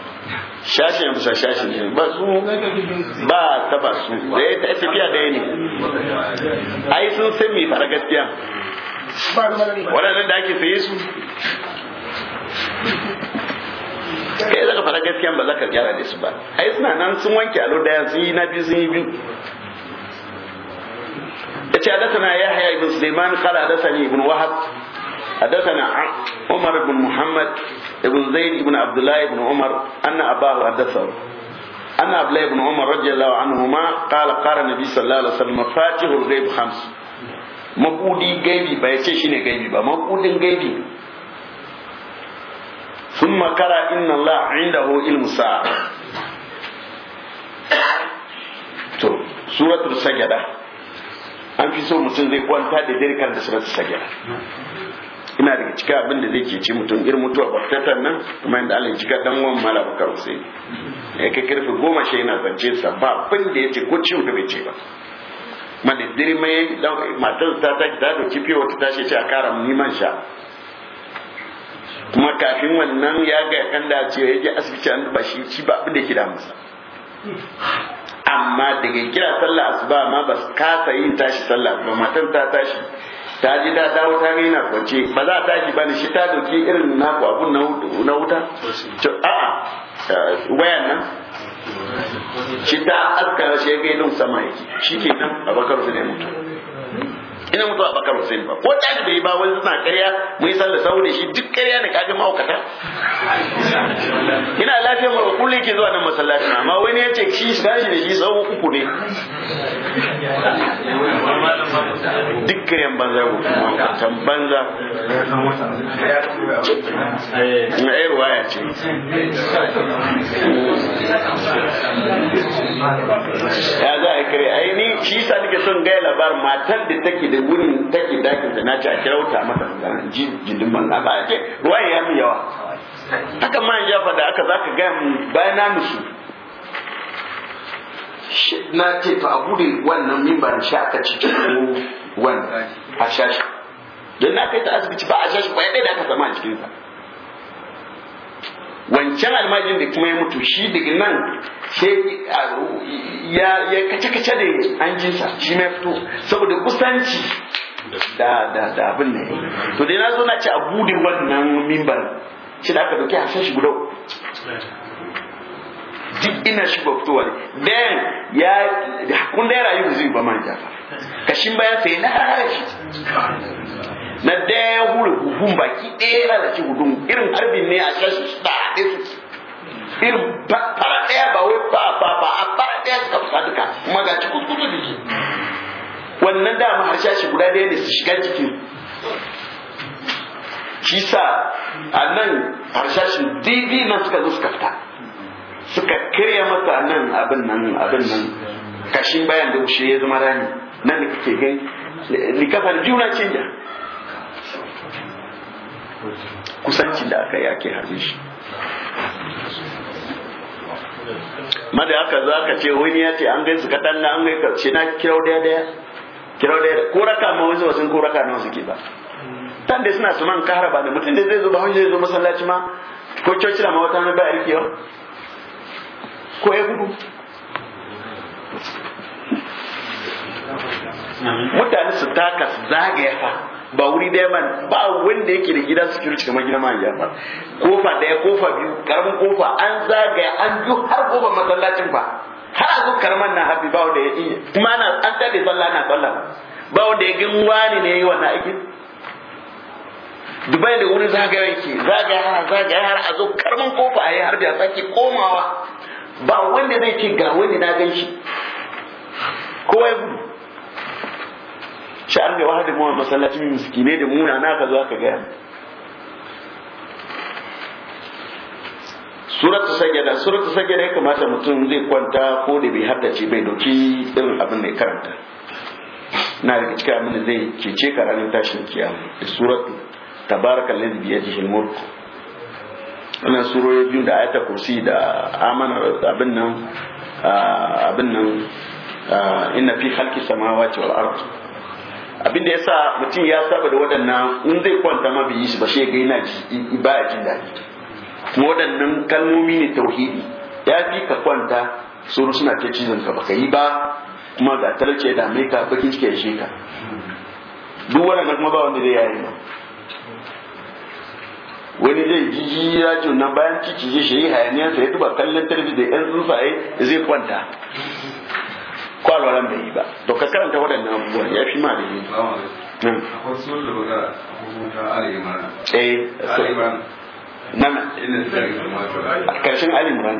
shashin ya kusa shashin ne ba su ba taba su da ya tafiya da ne ai sun san mai fara gaskiya waɗannan da ake saye su kai zaka fara gaskiya ba zaka gyara da su ba ai suna nan sun wanke alo daya sun yi na biyu sun yi biyu yace hadathana yahya ibn sulaiman qala hadathani ibn wahab hadathana umar ibn muhammad ibn zaid ibn abdullah ibn umar anna abahu haddathahu anna umar radiyallahu anhuma qala qala nabi sallallahu alaihi wasallam fatihul ghaib khams mabudi gaibi ba ya ce shine gaibi ba mabudin gaibi sun makara inna Allah indahu ilmu sa'a to suratul sajada an fi so mutum zai kwanta da dare kan da suratul sajada ina daga cikin abin da zai cece mutum irin mutuwa baktatan nan kuma inda Allah ya cika dan wan mala baka Hussein ya eh, kai karfe goma shi yana zance sa ba abin da ya ce ko ciwo da bai ce ba maliddiri mai dan matar ta ta ta doki fiye wata tashi ce a kara niman sha kuma kafin wannan ya ga kan da ce ya je asibiti an ba shi ci ba abin da ke da masa amma daga kira sallah asuba ma ba kasa yin tashi sallah ba matan ta tashi ta ji da dawo ta ga yana kwance ba za a tashi ba ne shi ta doki irin naku abun na wuta a'a wayan nan shi ta askara shi ga idon sama yake shi ke abakar su ne mutum ina mutu a bakar Hussein ba ko daji bai ba wani suna karya mu yi da saboda shi duk karya ne kaga ma'aukata ina lafiyar mara kulle ke zuwa nan masallaci amma wani ya ce shi shi da shi tsawon uku ne duk karyan banza ko mahaukatan banza na yi ruwaya ce ya za a kare aini shi sa nake son gaya labar matan da take da gudun daki dakin da na ci a kirauta mata ji jidin manna ba a ce ruwan ya mi yawa haka ma ya faɗa aka za ka gaya mu bayan na musu na ce to a gudun wannan mimbar shi aka ci wannan a shashi don na kai ta asibiti ba a shashi ba ya ɗaya da aka sama a cikinsa wancan almajin da kuma ya mutu shi daga nan sai ya kace-kace da an sa shi mai fito saboda kusanci da da da abin ne to dai na zo na ci a budin wannan mimbar shi da aka dauki hasan shi gudau duk ina shi ba fitowa ne ya kun da rayu zai ba manja kashin bayan sai na shi na daya hura huhun baki ɗaya na da ci hudun irin harbin ne a shashi su da haɗe su irin fara ɗaya ba wai ba ba ba a fara ɗaya suka kafa duka kuma ga ci kuskusu da ke wannan dama har shashi guda ɗaya ne su shiga cikin kisa a nan shashi dibi nan suka zo suka fita suka karya masa nan abin nan abin nan kashin bayan da ushe ya zama rani nan da kake gani likafar juna canja kusancin da aka yi ake harbe shi mada da haka za ka ce wani ya ce an gaisu kaɗan na an gaisu shi na kirau daya daya kirau daya ko raka ma wasu wasu ko raka nawa suke ba tan da suna man kahara ba da mutum da zai zo ba hanyar zo masallaci ma ko coci ma wata na ba aiki ko ya gudu mutane su taka su zagaya fa ba wuri da man ba wanda yake da gidan security kamar gidan mai ba kofa daya kofa biyu karamin kofa an zagaya an biyu har kofa masallacin ba har a zo karaman na habi ba wanda ya iya kuma an tare sallah na sallah ba wanda ya gin wani ne yi wannan aikin dubai da wuri zagaya yake zagaya har zagaya har a zo karamin kofa a har da a sake komawa ba wanda zai ce ga wani na gan shi kowa ya gudu shi an bai wahadin mawa masallaci mai miskine da muna na ka zo aka gaya suratu sajada suratu sajada ya kamata mutum zai kwanta ko da bai haddace bai doki irin abin da ya karanta na daga cikin abin da zai cece ka ranar tashin kiyama da suratu tabarakal ladhi bi yadihi al-mulk wannan surori biyu da ayata kursi da amana abin nan ah, abin nan ah, inna fi khalqi samawati wal ardi abin da ya sa mutum ya saba da waɗannan in zai kwanta ma bai yi shi ba shi ga yana ji ba ya jin daɗi kuma waɗannan kalmomi ne tauhidi ya fi ka kwanta soro suna ta cizon ka baka yi ba kuma ga talace da mai ka bakin ciki ya shi ka duk waɗannan kuma ba wanda zai yayi ma wani zai jiji ji rajin nan bayan ciki zai shi hayaniyarsa ya duba kallon tarbi da yan tsuntsaye zai kwanta ko alwalan bai yi ba to ka karanta waɗannan abubuwan ya fi ma da yi hmm. akwai sun da buga hukunta al'imran eh al'imran nan a karshen al'imran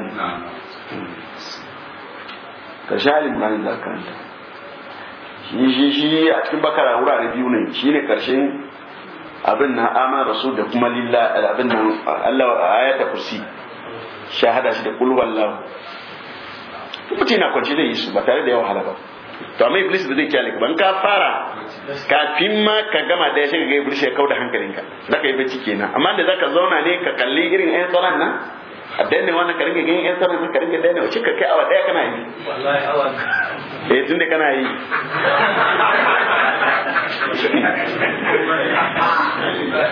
karshen hmm. al'imran za ka karanta shi shi shi a cikin bakara wurare biyu ne shi ne ƙarshen abin na aman, rasu da kuma lillah abin nan Allah ayata kursi shahada shi da kulwallahu mutum yana kwanci zai yi su ba tare da yawan wahala ba to amma iblis da zai kyale ba ka fara kafin ma ka gama ya shi ga iblis ya kauda hankalinka zaka yi bacci kenan amma da zaka zauna ne ka kalli irin ɗayan tsaron nan a daina wannan ka ringa ganin yan sanar ka ringa danne wace ka kai awa daya kana yi wallahi awa eh tunda kana yi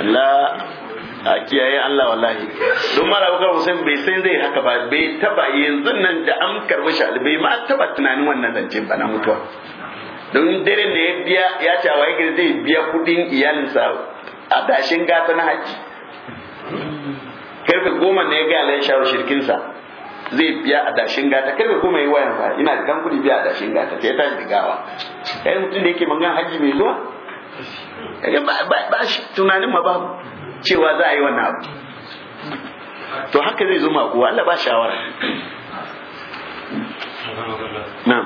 *laughs* la a kiyaye Allah wallahi don mara bukar Hussein bai san zai haka ba bai taba yanzu nan da an karbi shi bai ma taba tunanin wannan zancen ba na mutuwa don dare da ya biya ya ce wa yake zai biya kudin iyalinsa a dashin gata na haji karfe goma ne ya ga alayin sharo shirkinsa zai biya a dashin gata karfe goma yi wayan fa ina da kan kudi biya a dashin gata sai ta digawa kai mutum da yake mangan haji mai zuwa ba shi tunanin ma babu cewa za a yi wannan abu to haka zai zo makuwa Allah ba shawara na'am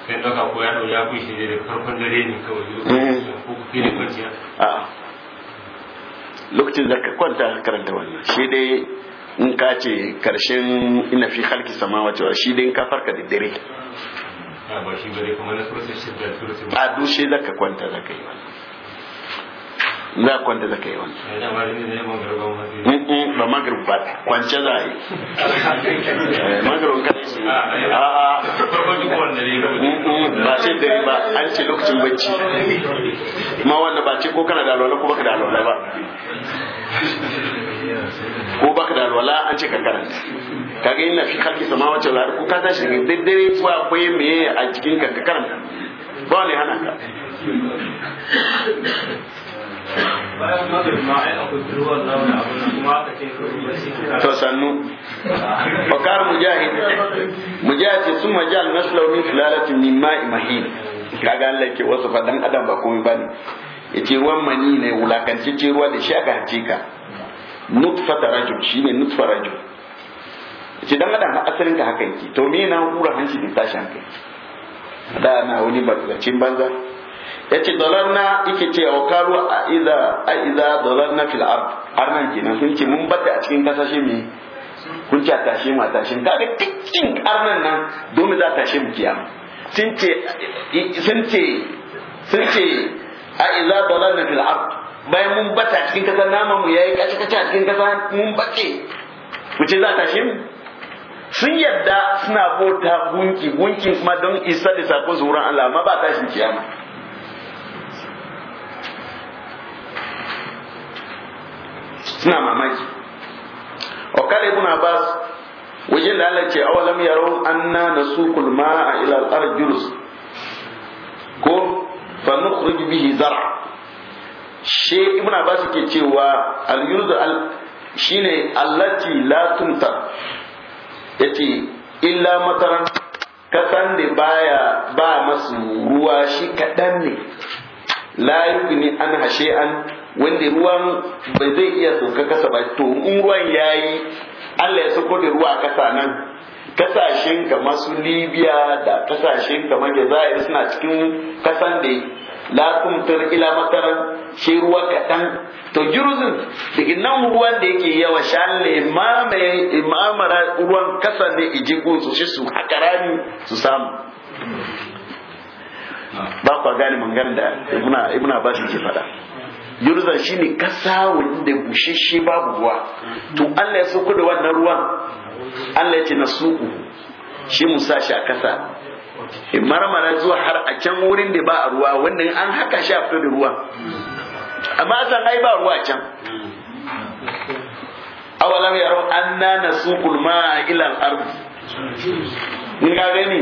sai ɗauka ko ya ɗauki ya kushe shi da farkon dare ne kawai eh. ko kuke da kwanciya lokacin da ka kwanta karanta wannan shi dai in ka ce karshen ina fi halki samawa cewa shi dai in ka farka da dare ba kuma na a dushe zaka kwanta zaka yi za kwanta zaka yi wannan ba magrib ba kwance za a yi eh, magrib ka ah, ah, ah. ba sai dare ba an ce lokacin bacci ma wanda ba ce ko kana da alwala ko baka da alwala ba ko baka da alwala an ce ka karanta kaga ina fi kalki sama wace ardi ko ka tashi daga daddare ko akwai me a cikin ka ka karanta ba ne hana ka to sannu bakar mujahid mujahid sun majal naslau min filalatin min ma'i mahin kaga Allah ke wasu dan adam ba komai bane yace wan mani ne wulakan ce ruwa da shi aka hace ka nutfa tarajul shine nutfa rajul ce dan adam asalin ka haka yake to me na hura hanci din tashi hankali da na wani bazacin banza yace dalalna yake ce wa karu a iza a iza dalalna fil ard arnan kenan sun ce mun bada a cikin kasashe me kun ce a tashe mu a tashe mu kaga dukkin arnan nan domin za a tashe mu kiyama sun ce sun ce sun ce a iza dalalna fil ard bayan mun bata a cikin kasa nama mu yayi kace kace a cikin kasa mun bace mu ce za a tashe mu sun yadda suna bota gunki gunkin kuma don isa da sakon zuwan Allah amma ba tashin kiyama suna mamaki wakala ibn abbas wajen da Allah ce awalam yaro anna na ma'a kulma a ard jurus ko fannu nukhrij bihi zar'a she ibn abbas ke cewa al shine allati la tumta yace illa mataran kasan da baya ba masu ruwa shi kaɗan ne la ne an hashe an wanda ruwan ba zai iya sauka kasa ba to in ruwan yayi Allah ya sauko da ruwa a kasa nan kasashen kamar su Libya da kasashen kamar Jazair suna cikin kasan da la tur ila mataran shi ruwa kadan to juruzin da innan ruwan da yake yawa shalle mamaye mamara ruwan kasa ne iji su shi su hakarani su samu ba kwa gane mangan da ibna ibna ba ke fada shi ne kasa wanda shi babu ruwa to Allah ya sauko da wannan ruwan Allah ya ce nasuku shi musa shi a kasa marmara zuwa har a can wurin da ba a ruwa wannan an haka shi a fito da ruwa amma asan ai ba ruwa a can awalam yaro anna nasuqul ma'a ila al-ard mun ga gani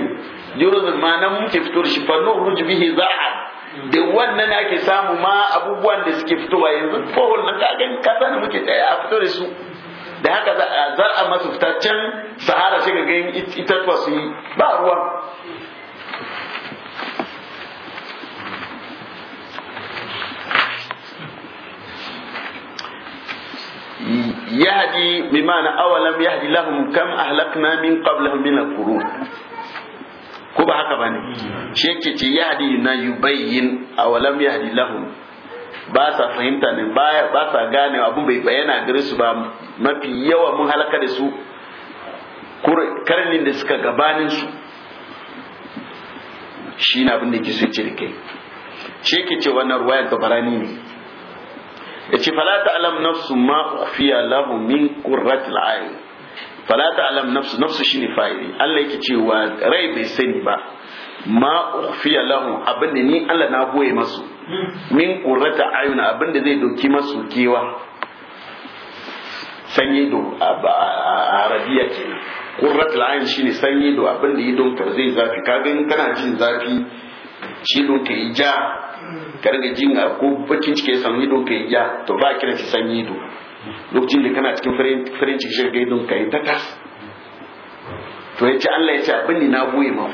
juruzul ma nan muke fito da shi fa nuruj bihi za'a da wannan ake samu ma abubuwan da suke fitowa yanzu kohol nan ka gani ka muke tsaya a fito da su da haka za a masu fitaccen can sahara shiga ga gani itatuwa su yi ba ruwa yahdi bi ma'ana lam yahdi lahum kam ahlakna min qablahum min al-qurun ko ba haka bane shi yake ce yahdi na yubayyin lam yahdi lahum ba sa fahimta ne ba sa gane abun bai bayyana gare su ba mafi yawa mun halaka da su karnin da suka gabanin su shi na abin da ke so ce da kai shi yake ce wannan ruwayar ne yace fala ta'lam nafsu ma ukhfiya lahu min qurratil ayn fala ta'lam nafsu nafsu shine fa'ili Allah yake cewa rai bai sani ba ma ukhfiya lahu abinda ni Allah na goye masu min qurrata a'yun abinda zai doki masu kewa sanyi do arabiya ce qurratul ayn shine sanyi do abinda idon ka zai zafi kaga in kana jin zafi shi don ka yi ja ka rage jin ko bakin cike ya samu idon ka yi ja to ba a kira shi sanyi ido lokacin da kana cikin farin ciki shirga idon ka yi ta tas to ya ce Allah ya ce abin na goye ma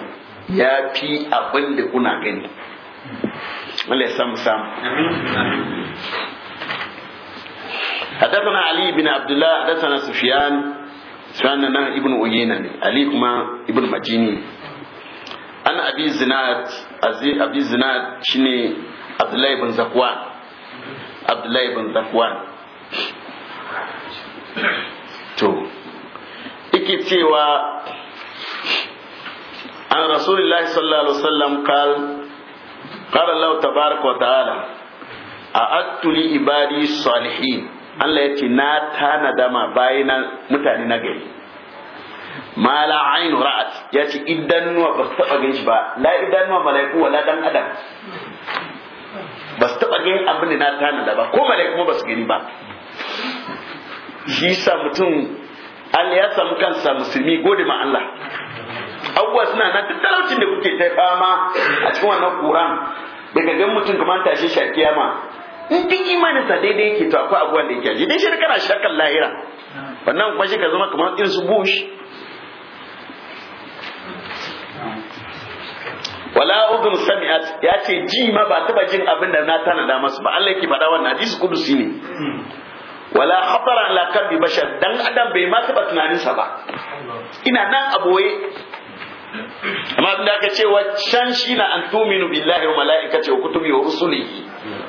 ya fi abin da kuna gani Allah ya samu samu حدثنا علي بن عبد الله حدثنا سفيان سفيان نعم ابن عيينة علي كما ابن مجيني أنا أبي زناد أبي زناد شني abdullahi bin zakwan abdullahi bin zakwan to ike cewa an rasulullahi sallallahu alaihi wasallam kal قال الله تبارك وتعالى أعدت ibadi الصالحين Allah ya ce na ta nadama bayina mutane na gari ma la ainu ra'at ya ce idanuwa ba su taba ba la idanuwa malaiku wala dan adam ba su taɓa ganin abin da na tanada ba ko malai kuma ba su gani ba shi sa mutum Allah ya samu kansa musulmi gode ma Allah abubuwa suna na ta talaucin da kuke ta fama a cikin wannan kuran daga gan mutum kamar ta shi a kiyama in duk sa daidai yake to akwai abubuwan da yake ji dai shi kana shakan lahira wannan kuma shi ka zama kamar irin su bush wala udun sami'at yace ce ji ma ba taba jin abin da na tanada masu ba Allah yake faɗa wannan hadisi kudusi ne wala khatara ala qalbi bashar dan adam bai ma taba tunaninsa ba ina nan aboye. boye amma abin da aka ce waccan shi na an tuminu billahi wa mala'ikati wa kutubi wa rusulihi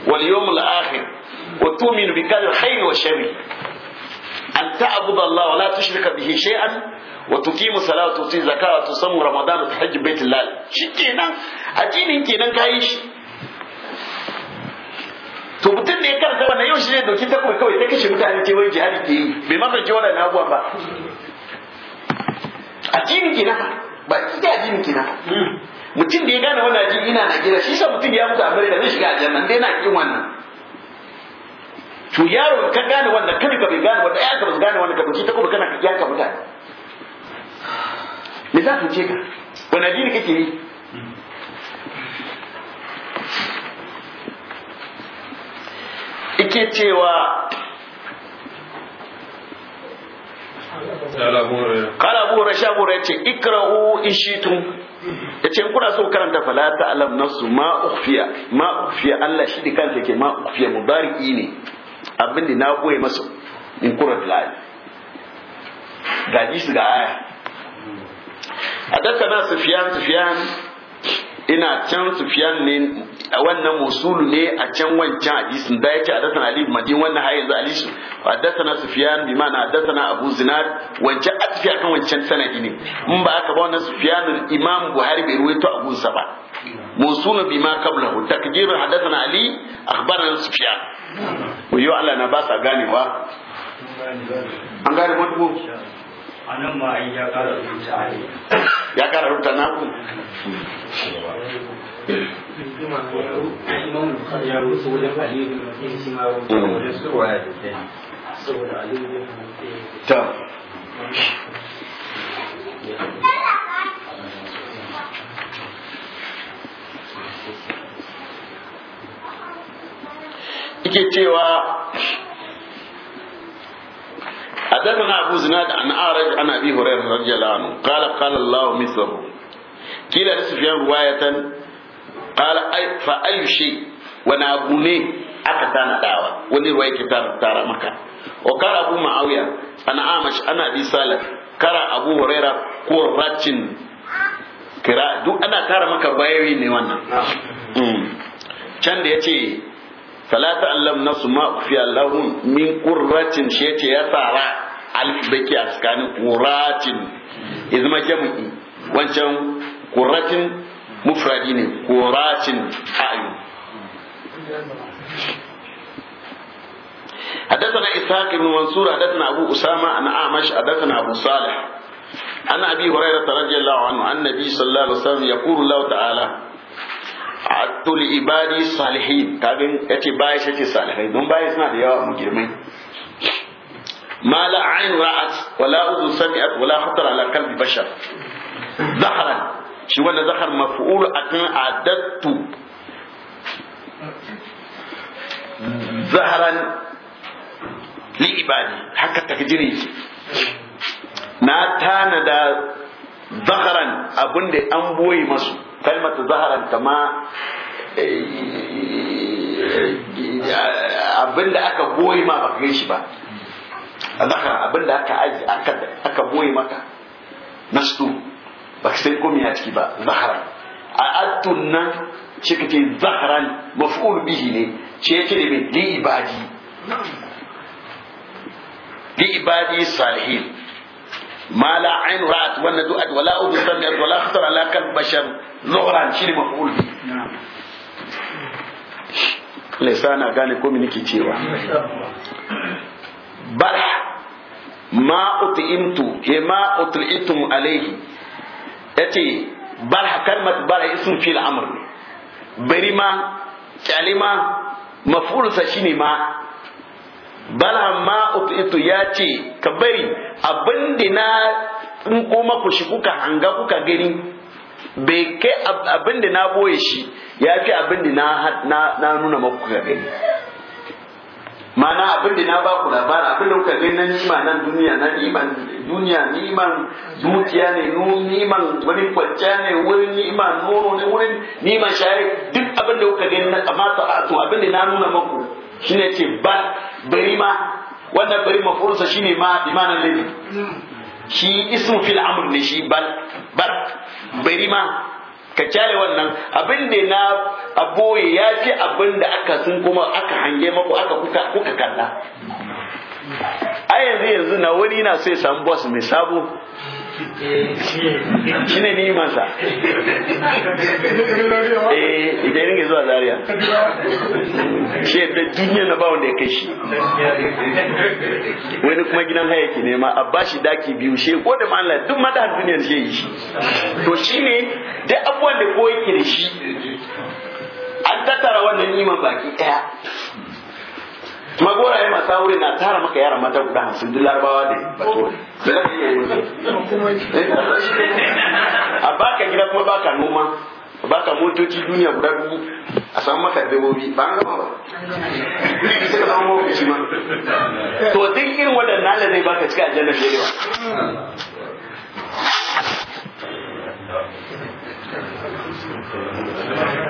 wal yawmil akhir wa tuminu bi qadri khairi wa sharri an ta'budu Allah wa la tushrika bihi shay'an wa tuqimu salata wa zakata tusammu ramadan tahajji baitullah shikenan addinin kenan kayi shi to mutum da ya karanta wannan yau shi ne dauki takwai kawai ta kashe mutane ke wai jihadi ke yi bai ma fahimci na abuwa ba addinin kenan ba da addinin kenan hmm. mutum da ya gane wannan addini ina na gida shi sa mutum ya mutu a da zai shiga aljanna dai na kin wannan to yaro ka gane wannan kada ka bai gane wannan ya ba gane wannan ka dauki takwai kana ka yanka mutane me za ka ka wani addini kake yi ike cewa kala abu rasha abu ya ce ikrahu tun. ya ce kuna so karanta falata alam nasu ma ukhfiya ma ukhfiya Allah shi da kansa ke ma ukhfiya mubariki ne abin na goye masa in kura da ga ji su ga aya A حدثنا سفيان سفيان ina can sufiyan ne a wannan musulu ne a can wancan hadisin da yake hadatan ali madin wannan a yanzu ali hadatan sufiyan bi ma mana hadatan abu zinad wancan atfi akan wancan sanadi ne in ba aka ba wannan sufiyan imam buhari bai ruwaito abu sa ba musulu bi ma qablahu takdir hadatan ali akhbarana sufiyan wayo Allah na ba sa ganewa an gane anan ma ai ya kara rubuta ne *coughs* ya kara rubuta na ku ta ike cewa حدثنا ابو زناد عن اعرج عن ابي هريره رضي الله عنه قال قال الله مثله كلا لسفيان رواية قال أي فأي شيء ونابوني أكتانا دعوة وني رواية كتاب تارا مكة وقال أبو معاوية أنا عامش أنا أبي صالح قال أبو هريرة قرات kira duk ana tara maka bayoyi ne wannan can da ya ce falata allam nasu ma fi allahun min qurratin shi yace ya tsara alif baki a tsakanin quratin izma jam'i wancan kuratin mufradi ne kuratin ayu حدثنا إسحاق بن منصور حدثنا أبو أسامة عن أعمش حدثنا أبو صالح عن أبي هريرة رضي الله عنه عن النبي صلى الله عليه وسلم يقول الله تعالى ibadi salihin kagin yace bayi yace salihai don bayi suna da yawa mujrimai ما لا عين رأت ولا أذن سمعت ولا خطر على قلب بشر ذخرا شو ولا ذخر مفعول أكن عددت ذهرا لعبادي حكى تكجري na tanada zaharan abin da an boye masu kalmata zaharan kama abin da aka boye ma ba kai shi ba zakar abin da aka aji aka boye maka na stu ba ka sai komai a ciki ba zahara a attun nan shi ka ce zaharan maf'ul bihi ne shi yake da mai li ibadi li ibadi salihin ma la ain ra'at wa nadu'at wa la udhu sami'at wa la khatara ala kal bashar zuhran shi ne maf'ul bihi na gane komai nake cewa bal ma utimtu ke ma utli'tum alayhi yace bal kalmat bal ism fil amr bari ma kalima sa shine ma bala ma utitu ya ce ka bari abin da na tsinko ku shi kuka hanga kuka gani bai kai abin na boye shi ya fi abin na nuna maku ka gani mana abin da na baku labara abin da kuka gani na nima nan duniya na niman duniya niman zuciya ne niman wani kwacce ne wani niman nono ne wani niman shayar duk abin da kuka gani na kamata to abin da na nuna maku shine ce ba bari ma wannan bari ma furusa shine ma imanan ladi shi ismu fil amr ne shi bal bar bari ma ka kyale wannan abin da na aboye ya fi abin da aka sun kuma aka hange maku aka kuka kuka kalla a yanzu yanzu na wani na sai samu bus mai sabo shi ne nimansa eh idan ringa zuwa zaria shi yadda duniya na bawon da ya kai shi wani kuma gidan haya ke nema a bashi daki biyu shi ko da ma'ala duk madahar duniyar shi yi shi to shi ne da abubuwan da da shi an tattara wannan iman baki daya magora ya masu aure na tara maka yara mata guda hamsin duk larabawa ne *laughs* a baka gida kuma baka noma baka motoci duniya guda dubu a samu maka dabobi ba an gama ba sai ka samu mafi ma to duk irin waɗannan Allah zai baka cika aljanna fiye da ba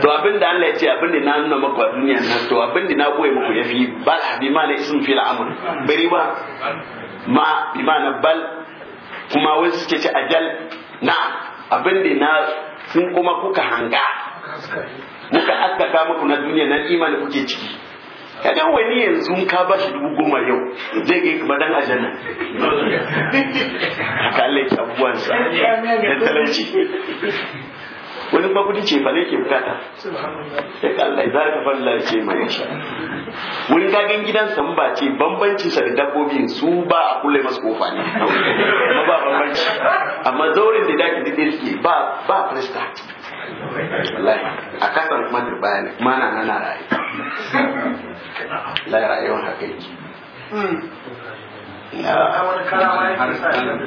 to abin da Allah ya ce abin da na nuna maka a duniya nan to abin da na goye muku ya fi bal bi ma na ism fil amr bari ba ma bi ma na bal kuma wai suke ce ajal na abin da na sun kuma kuka hanga muka haskaka muku na duniya nan imani kuke ciki kada wani yanzu ka ba shi dubu goma yau zai ga kuma dan aljanna haka Allah ya abubuwansa da talauci wani ba kudin ce fare ke bukata ya ka Allah za ka falla ce mai Wani gagan gidan san ba ce bambanci sa da dabbobin su ba a kulle masu kofa ne amma ba bambanci amma zaurin da daki dide suke ba ba krista wallahi a kasar kuma bayan mana kuma na nana raye lai rayuwar haka yake hmm.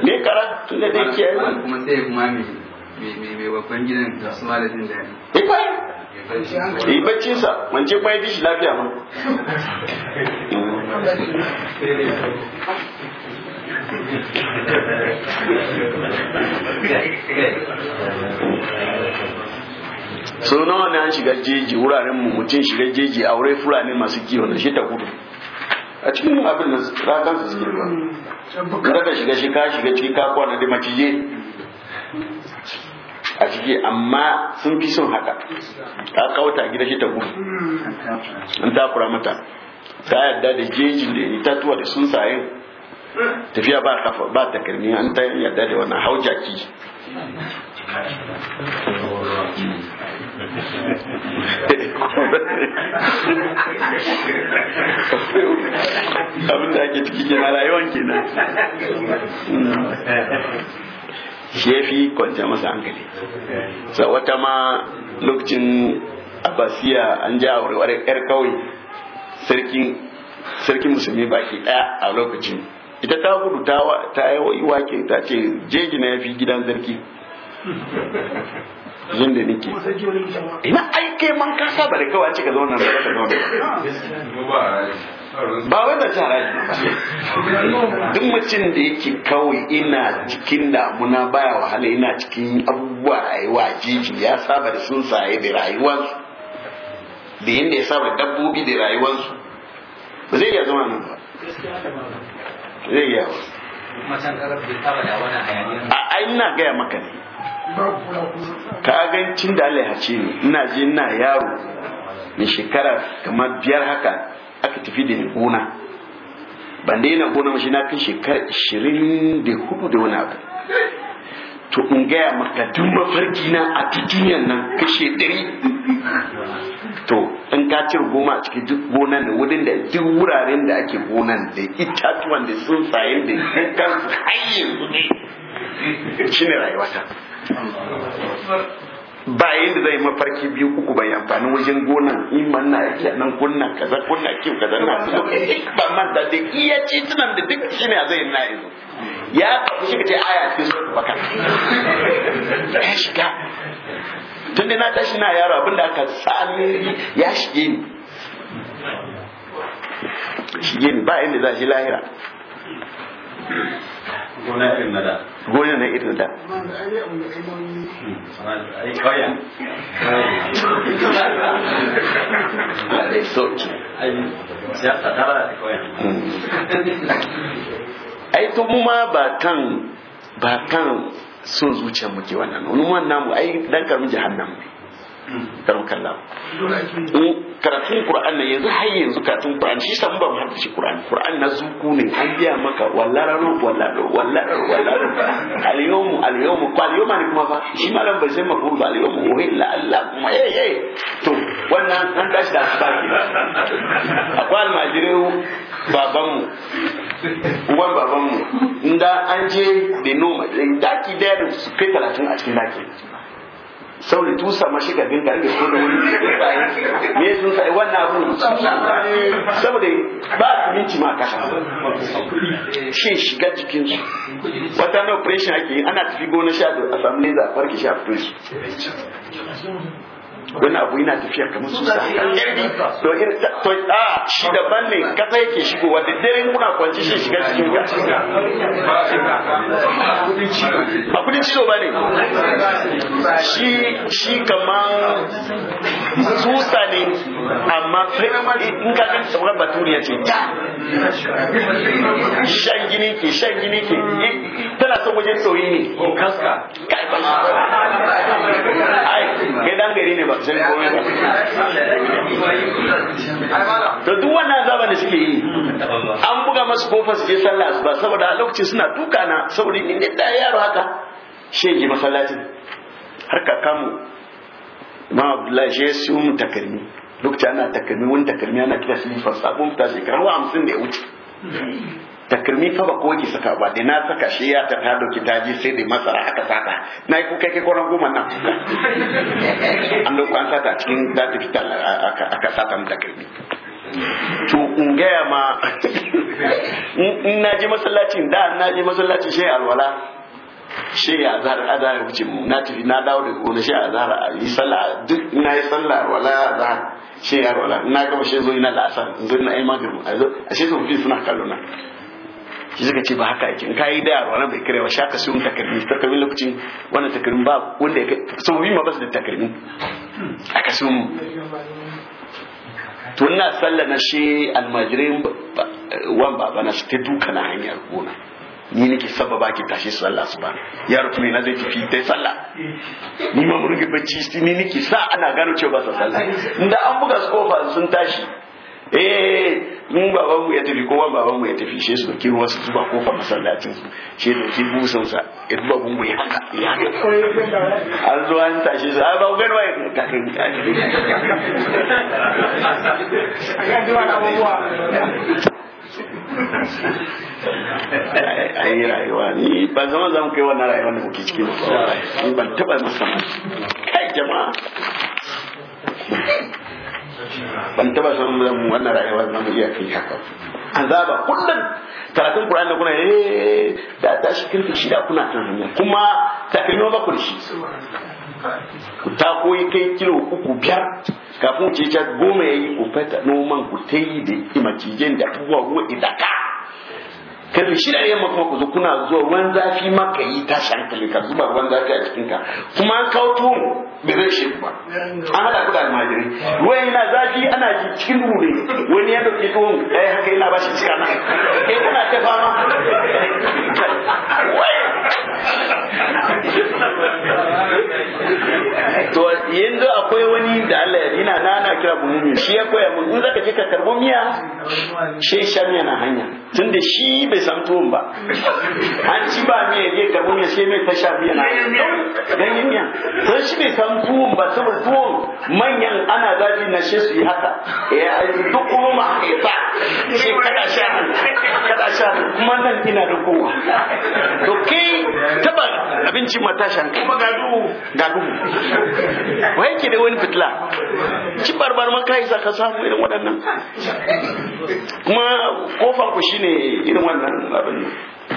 ne kara tun da dai kiyaye kuma kuma mai babban gidan da su malamin da ya fa sa wance kuma ya shi lafiya ma so nawa ne an shiga jeji wuraren mu mutum shiga jeji a wurin fulani masu kiwo na shi ta gudu a cikin abin da rakansu suke ba kada shiga shi ka shiga ciki ka kwana da a ciki amma sun fi sun haka ta kawata gida shi ta gudu an takura mata ta yadda da jejin da tuwa da sun sayin tafiya ba kafa ba an ta yadda da wannan haujaki abin da ake ciki kenan rayuwan kenan shi fi kwanciya masa hankali sa wata ma lokacin abasiya an ja a yar kawai sarkin musulmi baki daya a lokacin ita ta gudu ta yi wake ta ce jeji na ya fi gidan sarki jin da nike ina aike man kasa bari kawai ce ka da ka zauna ba wanda ta haraji duk mutum da yake kawai ina cikin damuna baya wahala ina cikin abubuwa rayuwa jiji ya saba da tsuntsaye da rayuwarsu da yadda ya saba dabbobi da rayuwarsu ba zai iya zama nan ba zai iya a ina gaya maka ne ka gancin da Allah ya ce ni ina je ina yaro ne shekara kamar biyar haka aka tafi da ni gona ban daina gona mashi na kai shekara ishirin da hudu da wani abu to in gaya maka duk mafarki na a duniyan nan kashe ɗari to in ka cire goma a cikin duk gonan da wurin da duk wuraren da ake gonan da itatuwan da tsuntsayen da dukkan su ne shine rayuwata ba yadda zai mafarki biyu uku bai amfani wajen gonan iman na yake nan kunna kaza kunna kiw kaza na ba man da da iya ci da duk a zai na yanzu ya tafi shi kace aya ce su baka ya shiga tunda na tashi na yaro abinda aka sani ya shige ni shige ni ba yadda za shi lahira gona irin na da da hmm, ai to mu ma ba kan ba kan son zuciyar muke wannan mu namu ai dan karmi jahannam ne karmakalla karatun Qur'an nan yanzu har yanzu karatun Qur'an shi samu ba mu haddace Qur'an Qur'an na zuku ne an biya maka wallararo wallararo wallararo wallararo al-yawmu al-yawmu ko al-yawma ne kuma fa? shi malam bai san mafhum ba al-yawmu wa illa Allah kuma eh eh to wannan an tashi da asbaki akwai almajirin babanmu uban mu inda an je da noma daki daya da su kai talatin a cikin daki saboda tusa mashi ga dinga inda su da wuri me sun sai eh, wannan abu saboda ba abinci ma kasa shin shiga cikin su wata na operation ake ana tafi gona sha a samu leza a farki sha fito su wani abu yana tafiya kamar su sa to ir to a shi daban ne kasa yake shigo wa dare kuna kwanci shi shiga cikin ka a kudin cizo ba ne shi shi kamar susa ne amma in ka ga sauran baturiya ce shan gini ke shan gini ke eh, tana son wajen sauyi ne kai ba ai gaidan gari ne ba sai ba wannan azaba da suke yi an buga masu kofar su je sallah ba saboda a lokacin suna duka na saboda in da yaro haka shege masallacin har ka kamu ma Abdullahi shi ya mu takarmi lokacin ana takarmi wani takarmi ana kira silifar sabon fita shekara hamsin da ya wuce takirmi fa ba ko ki saka ba dai na saka shi ya ta ta doki taji sai dai masara aka saka na yi kuka ke kwanan goma nan an dauka an saka cikin ta tafi aka saka mu takirmi to in gaya ma in na je masallacin da na je masallacin shi alwala shi ya zahar azhar ya wuce mu na tafi na dawo da gona shi a zahar a yi sallah duk na yi sallah wala zahar shi ya wala na gaba shi zo ina la'asar zo n'a yi magana a shi zo fi suna kallona shi suka ce ba haka ake in kayi da yaro bai kare ba shaka sun takarmi takarmi lokacin wannan takarmi ba wanda ya sabobi ma ba su da takarmi aka sun to ina sallah na shi almajirin wan baba na ta duka na hanyar gona ni nake sababa ki tashi sallah su ba yaro kuma na zai tafi dai sallah ni ma mun rige bacci ni nake sa ana gano cewa ba sa sallah inda an buga kofa sun tashi eh mun baban mu ya tafi kowa baban mu ya tafi shi su dauki ruwa su zuba kofar masallacin su shi da shi busan sa ya ya haka ya haka an an tashi su a ba ta kai a yi rayuwa ni ba zama za mu kai wannan da muke ciki ba ban taba masa kai jama'a ban taba san mu wannan rayuwa na mu iya kai haka an zaba kullum karatun qur'ani kuna eh da shi kirki da kuna kan hanya kuma takalmi ba ku shi ku ta koyi kai kilo uku biyar kafin ku ce goma yayi ku fata noman ku tayi da imacijen da abubuwa ruwa idaka karfe shi da yamma kuma ku zo kuna zuwa ruwan zafi ma ka yi tashi hankali ka zuba ruwan zafi a cikinka kuma an kawo tuwo bai zai shi ba an haɗa ku da almajiri ruwan yana zafi ana ji cikin duhu ne wani ya ɗauki ko ya yi haka yana ba shi cika nan kai kuna ta fama to yanzu akwai wani da Allah ya dina na ana kira bunumi shi ya koya mun zaka je ka karbo miya shi sha na hanya tunda shi ba bai samu tuwon ba an ci ba mai yake karbi miya sai mai tasha biya na ganyen miya to shi bai samu tuwon ba saboda tuwon manyan ana zafi na shi su yi haka ya eh, duk kuma ma haka ya ba sai kada sha kada sha kuma nan ina da kowa to kai taba abincin matashan kuma ga duhu ga duhu wai ke da wani fitila ci barbar kai za ka samu irin waɗannan kuma kofar ku shine irin wannan karamin abin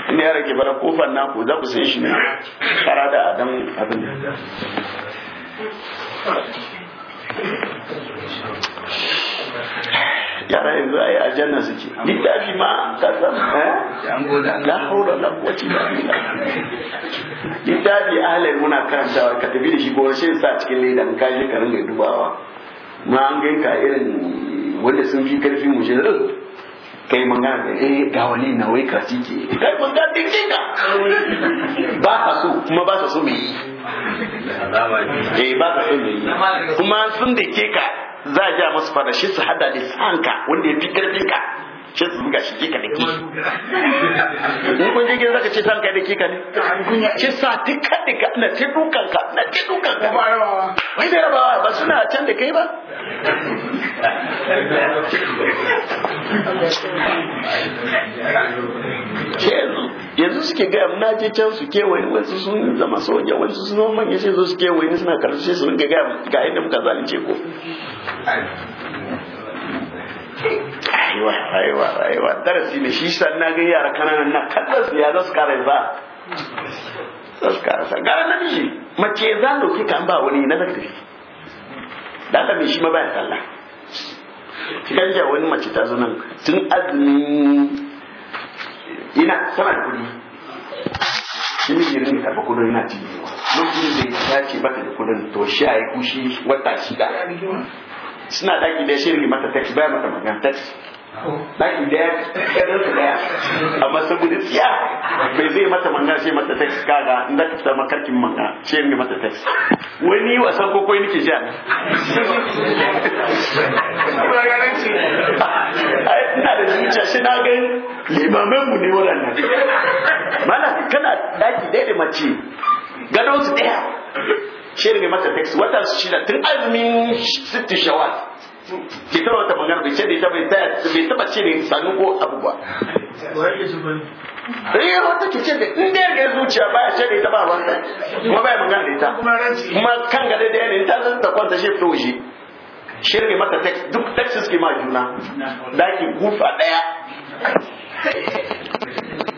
in ya rage bara kofar naku za ku da adam abin yara yanzu a yi aljanna suke littafi ma ka san eh? la haula la littafi muna karantawa ka tafi da shi ko sai sa cikin leda ka je ka ringa dubawa ma an ganka irin wanda sun fi karfi mu shi kai mun ga eh ga wani na wai ka ke kai magana din kinka ba ka so kuma ba ka so me yi eh ba ka so me yi kuma sun da ke ka za a ja masu shi su hada da sanka wanda ya fi karfin ka ce su buga shi kika da ke in kun je gida zaka ce san kai da kika ne ce sa duka duka na ce dukan ka na ce dukan ka wai da rabawa ba suna can da kai ba ce yanzu suke gaya na je can su kewaye wasu sun zama soja wasu sun zama manya sai zo su kewaye suna karatu sai su ringa gaya ga yadda muka zalunce ko rayuwa rayuwa rayuwa darasi ne shi san na ga yara kananan na kallon su ya za su kara ba za su kara sa gara na miji mace za dauke ka an ba wani na zaka tafi da shi ma baya sallah kan ja wani mace ta zo nan tun azumin ina sana kudi shi miji ne ba kudin ina ci lokacin da ya ce baka da kudin to shi ayi yi kushi wata shida suna daki da shirin mata tax baya mata magana tax da ya ɗaya ƙadarsu ɗaya amma saboda tsiya mai zai mata manga ce mata text kaga in da ta makarkin manga ce ne mata text wani wasan kokoi nake sha ina da zuciya shi na ga limamen mu ne waɗannan mana kana ɗaki ɗaya da mace gadon su ɗaya shi ne mata text wata shida tun azumin sittin shawar ki tara wata magana bai ce da ita bai bai taba ce sanu ko abu ba eh wata ki ce da in da ga zuciya baya ce da ita ba wanda kuma baya magana da ita kuma kan ga da ne ta zanta kwanta shi fito shi shirme mata duk taxis ke ma juna daki gufa daya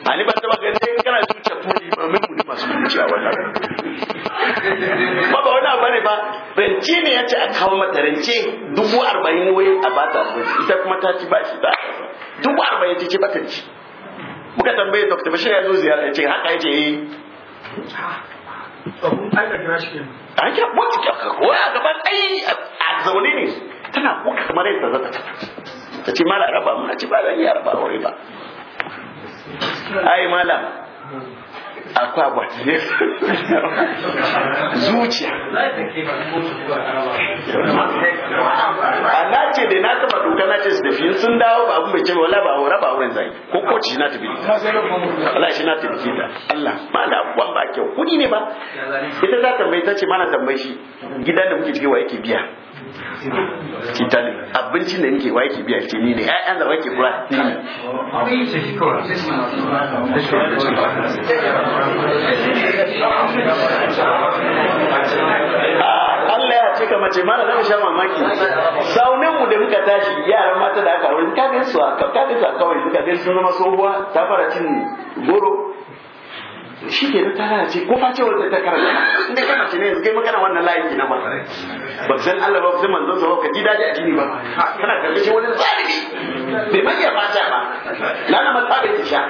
ani ba taba ganin sai kana zuciya ko ba mu ne masu zuciya wannan ba ba wani ba rance ne ya ce a kawo mata rance dubu arba'in wai a bata ita kuma ta ci bashi da dubu arba'in ce ce bata ci muka tambaye dr bashir ya zo ziyara ya ce haka ya ce yi a yi wata kyauka ko a gaban ai a zaune ne tana kuka kamar yadda zata ta ce mara raba muna ce ba zan yi araba wani ba ai malam akwai abuwa zuciya Allah ce da na taba doka na ce su tafi sun dawo ba abin bai ce wala ba aure ba auren zai ko ko ci na tafi Allah shi na tafi da Allah ma da abuwan ba kyau kudi ne ba ita za ta tambayi ta ce mana tambayi shi gidan da muke ciki wa yake biya ki abincin da nake wake biya ce ni ne ƴaƴan da wai kura ne ah, Allah ya ce ka mace mana zan sha mamaki saunin mu da muka tashi yaran mata da aka aure ka aka ka aka kawai suka gansu sun zama tsohuwa ta fara cin goro shi ke ta ce ko fa ce wanda ta karanta inda kana ce ne yanzu kai makana wannan layin ki na ba ba san Allah ba san manzon sa ka ji daji addini ba kana shi wani zalimi bai magiya ba ta ba lana ta bai ta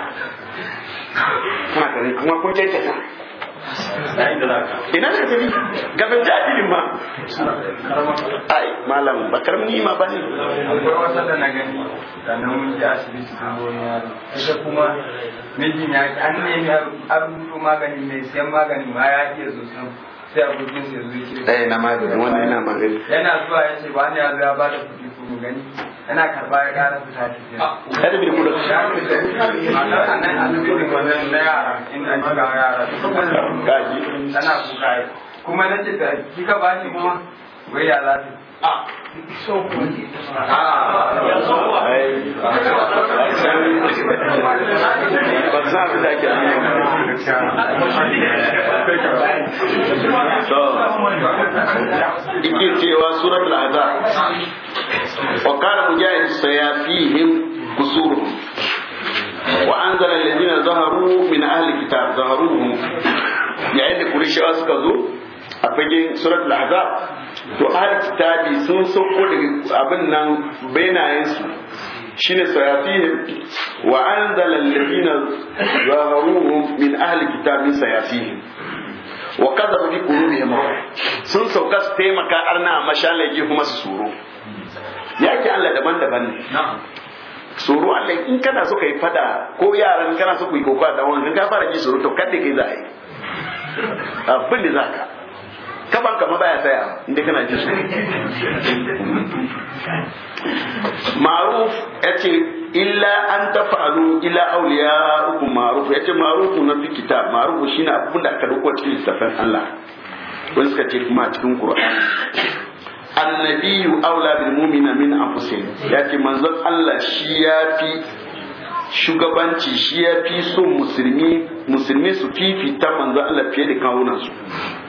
kana karbi kuma kun cancanta ina ne gaban jahilin ma ai malam ba karamin nima ba ne akwai wasa da na gani da na mun asibiti ita kuma mijin ya an nemi magani mai siyan magani ma ya iya zo sai abokin sai zuwa yana magani ya ce ba ya ana karba ya kara su sati ya da bilmu da cikin wannan na yara in an ga yara kuka kuma na ce kika ba ni kuma wai ya ban san abin da ake ike cewa surat al-azab wa kana mujahid sayafihim kusuruhum وأنزل الذين ظهروا من أهل الكتاب ظهروهم يعني كل شيء أسكتوا أبجي سورة الأحزاب to ahli kitabi sun sauko daga abin nan bainayen su shine sayafihim wa anzala alladhina zaharuhum min ahli kitabi sayafihim wa kadhabu bi qulubihim sun sauka su taimaka arna mashalaji kuma su suro yake Allah daban-daban ne tsoro Allah in kana so ka yi fada ko yaran kana so ku yi kokawa da wannan ka fara ji tsoro to kada kai za a yi abin da za ka kaban kama baya tsaya inda kana ji su maruf ya ce illa an faru ila auliya uku maruf ya ce marufu na fi kita marufu shi na abin da aka dauko cikin littafin Allah wani suka ce kuma cikin Qur'an annabiyu aula bil mu'mina min anfusihim ya ce manzon Allah shi ya fi shugabanci shi ya fi son musulmi musulmi su fifita manzon Allah fiye da kawunansu su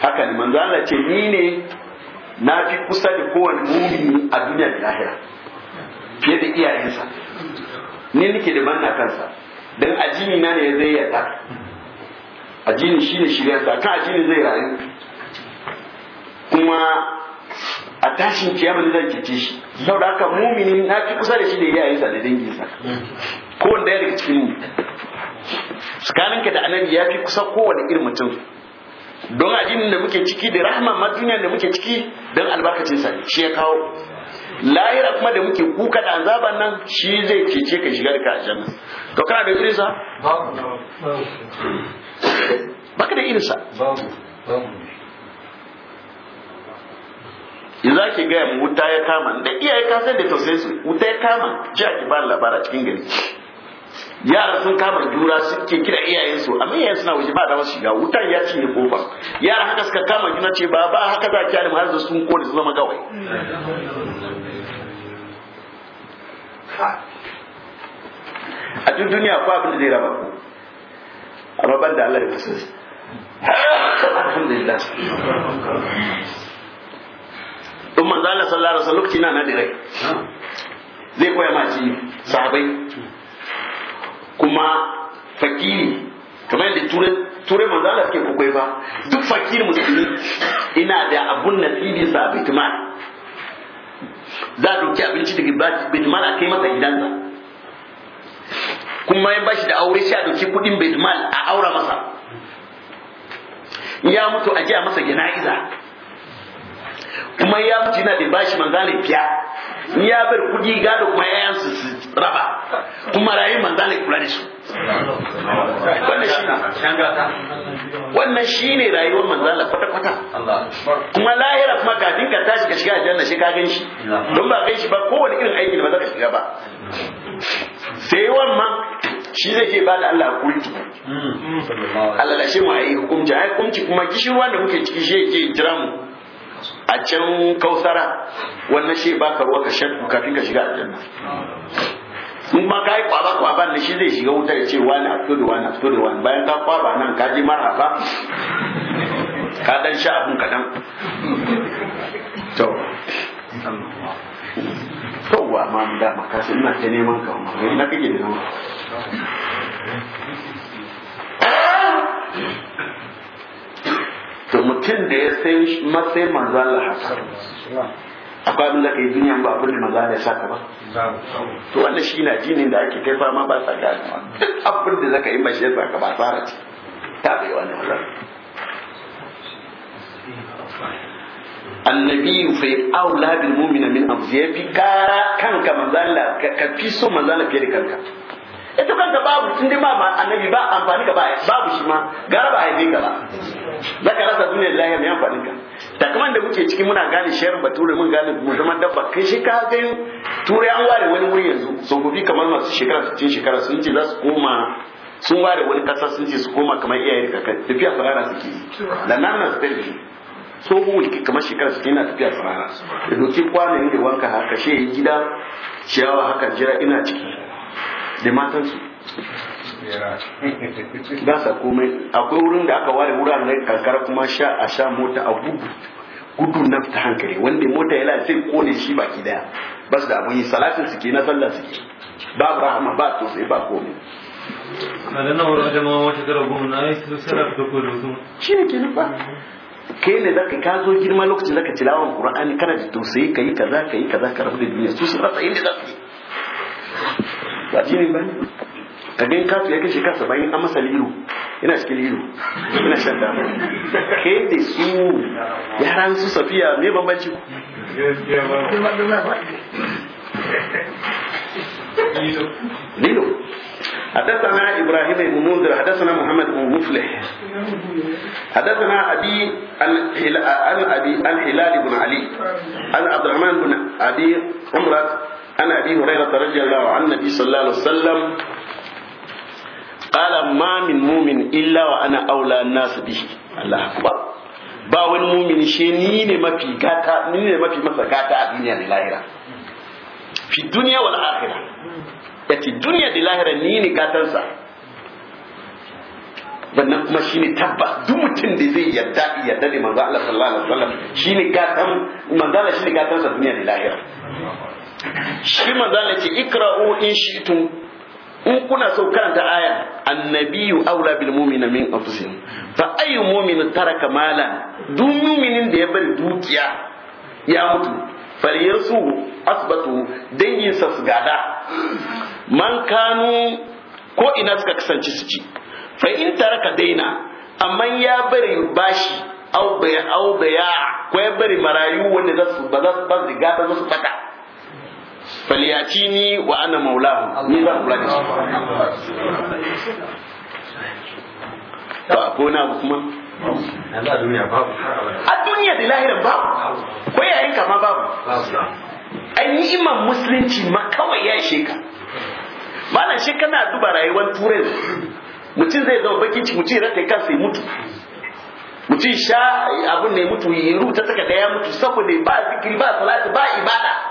haka ne manzo Allah ce ni ne na fi kusa da kowane mumini a duniya da lahira fiye da iyayensa ni nake da manna kansa dan ajini na ne zai yarda ajini shine shiryarsa kan ajini zai rayu kuma a tashin kiyama zan cece shi saboda haka mumini na fi kusa da shi da iyayensa da danginsa ko daya ya daga cikin mu tsakaninka da annabi ya fi kusa kowane irin mutum don addinin da muke ciki da rahman ma duniya da muke ciki don albarkacin sa shi ya kawo lahira kuma da muke kuka da azaban nan shi zai cece ka shigar ka aljanna to kana da irinsa baka da irinsa in za ki gaya mu wuta ya kama da iyaye ka san da tausayin su wuta ya kama ji a ki ba labara cikin gari yara sun kama jura suke kira iyayensu amma yayin suna waje ba wasu shiga wutan ya cinye kofa yara haka suka kama gina ce ba ba haka za ki alim har da sun kone su zama gawai a duk duniya ko abin da zai raba ku a ban da Allah ya kusa alhamdulillah in manzo Allah sallallahu alaihi wasallam na da zai koya ma ci sahabai kuma fakiri kamar yadda turai manzala suke kukwai ba duk fakiri musulmi ina da abun nasibi sa baitmal za a doki abinci daga baitmal a kai masa gidansa kuma ya bashi da aure shi a dauki kudin baitmal a aura masa ya mutu a masa jana'iza kuma ya mutu yana da bashi manzana biya ni ya bar kudi gado kuma yayan su su raba kuma rayu manzana kula da su wannan shine wannan shine rayuwar manzana kwata kwata kuma lahira kuma kafin ka tashi ka shiga aljanna shi ka gan shi don ba kai shi ba kowane irin aiki da ba za ka shiga ba sai wannan shi zai ke ba da Allah hakuri tukun hmm. Allah lashe mu a yi hukunci ai hukunci kuma kishirwa da muke ciki shi yake jira mu a can kausara wannan shi ba ka ruwa kafin ka shiga aljanna in ma ka yi kwaba kwaba ne shi zai shiga wuta ya ce wani a fito da wani a fito da wani bayan ka kwaba nan ka ji marhaba ka dan sha abun kadan to wa ma mu dama ka san ina ta neman ka ma na kake da nan to mutum da ya sai matsayin manzo Allah haka akwai abin da kai duniya ba abin da manzo Allah ya saka ba to wannan shi na jinin da ake kai fama ba sa gane ma abin da zaka yi ba shi saka ba tsara ce ta bai wannan wannan annabi fa aula bil mu'mina min anfusihi fi kara kanka manzo Allah ka fi so manzo Allah fiye da kanka ita kanta babu tun dai ba annabi ba amfani ka ba babu shi ma gara ba haife ba za ka rasa duniyar lahiya mai amfani ka kuma da muke cikin muna gane shayar bature mun gane mu zama dabba kai shi ka ga turai an ware wani wuri yanzu tsofaffi kamar masu shekara 60 shekara sun ce za su koma sun ware wani kasa sun ce su koma kamar iyaye da kakan tafiya farara suke yi da nan na su tsohuwa ke kamar shekara suke na tafiya farara da doke kwanan da wanka haka shi ya gida ciyawa haka jira ina ciki da matansu ba sa komai akwai wurin da aka ware wuraren kankara kuma sha a sha mota a gudu gudu na ta hankali wanda mota yana sai kone shi ki daya ba su da abun yi salatin suke na sallah suke ba rahama ba to sai ba komai madana wurin jama'a wata gara gumu na yi su sarrafa da kodin shi ne kenan ba kai ne zaka ka zo girma lokacin zaka tilawan qur'ani kana da tausayi kai kaza kai kaza ka rabu da duniya su sun rasa inda zaka yi ba addini ba ne ka gani kafin ya kashe kansa bayan an masa lilo yana cikin shan dama ke da su yaran su safiya me bambanci ku lilo حدثنا ابراهيم بن منذر حدثنا محمد بن مفلح حدثنا ابي ابي الهلال بن علي عن عبد الرحمن بن ابي عمره عن أبي هريرة رضي الله عنه النبي صلى الله عليه وسلم قال ما من مؤمن إلا وأنا أولى الناس به الله أكبر ba wani mumini she ni ne mafi gata ni ne mafi masa gata a duniya da lahira fi duniya wal akhira yace duniya da lahira ni ne gatansa wannan kuma shine tabbas duk mutum da zai yarda yarda da manzo Allah sallallahu alaihi wasallam shine gatan manzo Allah shine gatansa duniya da lahira shi manzana ya ce ikra'u in shi'tu in kuna so karanta aya annabiyu aula bil mu'mina min anfusihim fa ayyu mu'min taraka mala duk mu'minin da ya bari dukiya ya mutu falyarsu asbatu danginsa su gada man kanu ko ina suka kasance su ci fa in taraka daina amma ya bari bashi au bai au ya ko ya bari marayu wanda za su ba za su ba su gada za su fata falyatini wa ana maulahu ni za kula da shi ba ko na abu kuma a duniya da lahira babu ko yayin kama babu an yi iman musulunci ma kawai ya ishe ka malam shi kana duba rayuwar turai mutum zai zama baki ci mutum rata kansa sai mutu mutum sha abin ne mutu ruta rubuta da ya mutu saboda ba zikiri ba salati ba ibada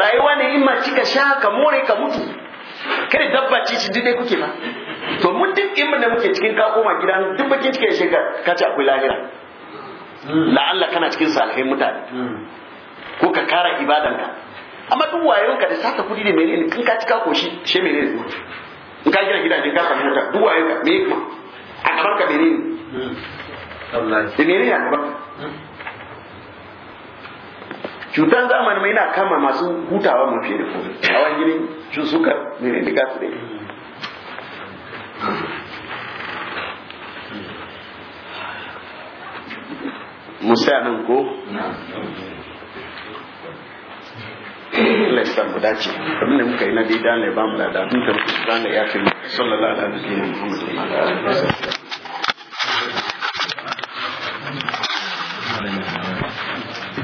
rayuwa ne in ma ka sha ka more ka mutu kada dabba ci ci dai kuke ba to mun duk in da muke cikin ka koma gidan duk bakin cikin shi ka ci akwai lahira hmm. Allah kana cikin salihin mutane hmm. ko ka kara ibadanka amma duk wayon ka da saka kudi mai ne in ka cika koshi she ne in ka gina gidaje ka samu mota duk wayon ka me kuma a gaban ka ne da ne a gaban ka cutan zamani mai na kama masu hutawa mafi da komai hawan gini cin suka mere da gasu da musa nan ko lissan mu dace abin da muka yi na dai daidai ne ba mu da da ta tafi da ya fi sallallahu alaihi wa sallam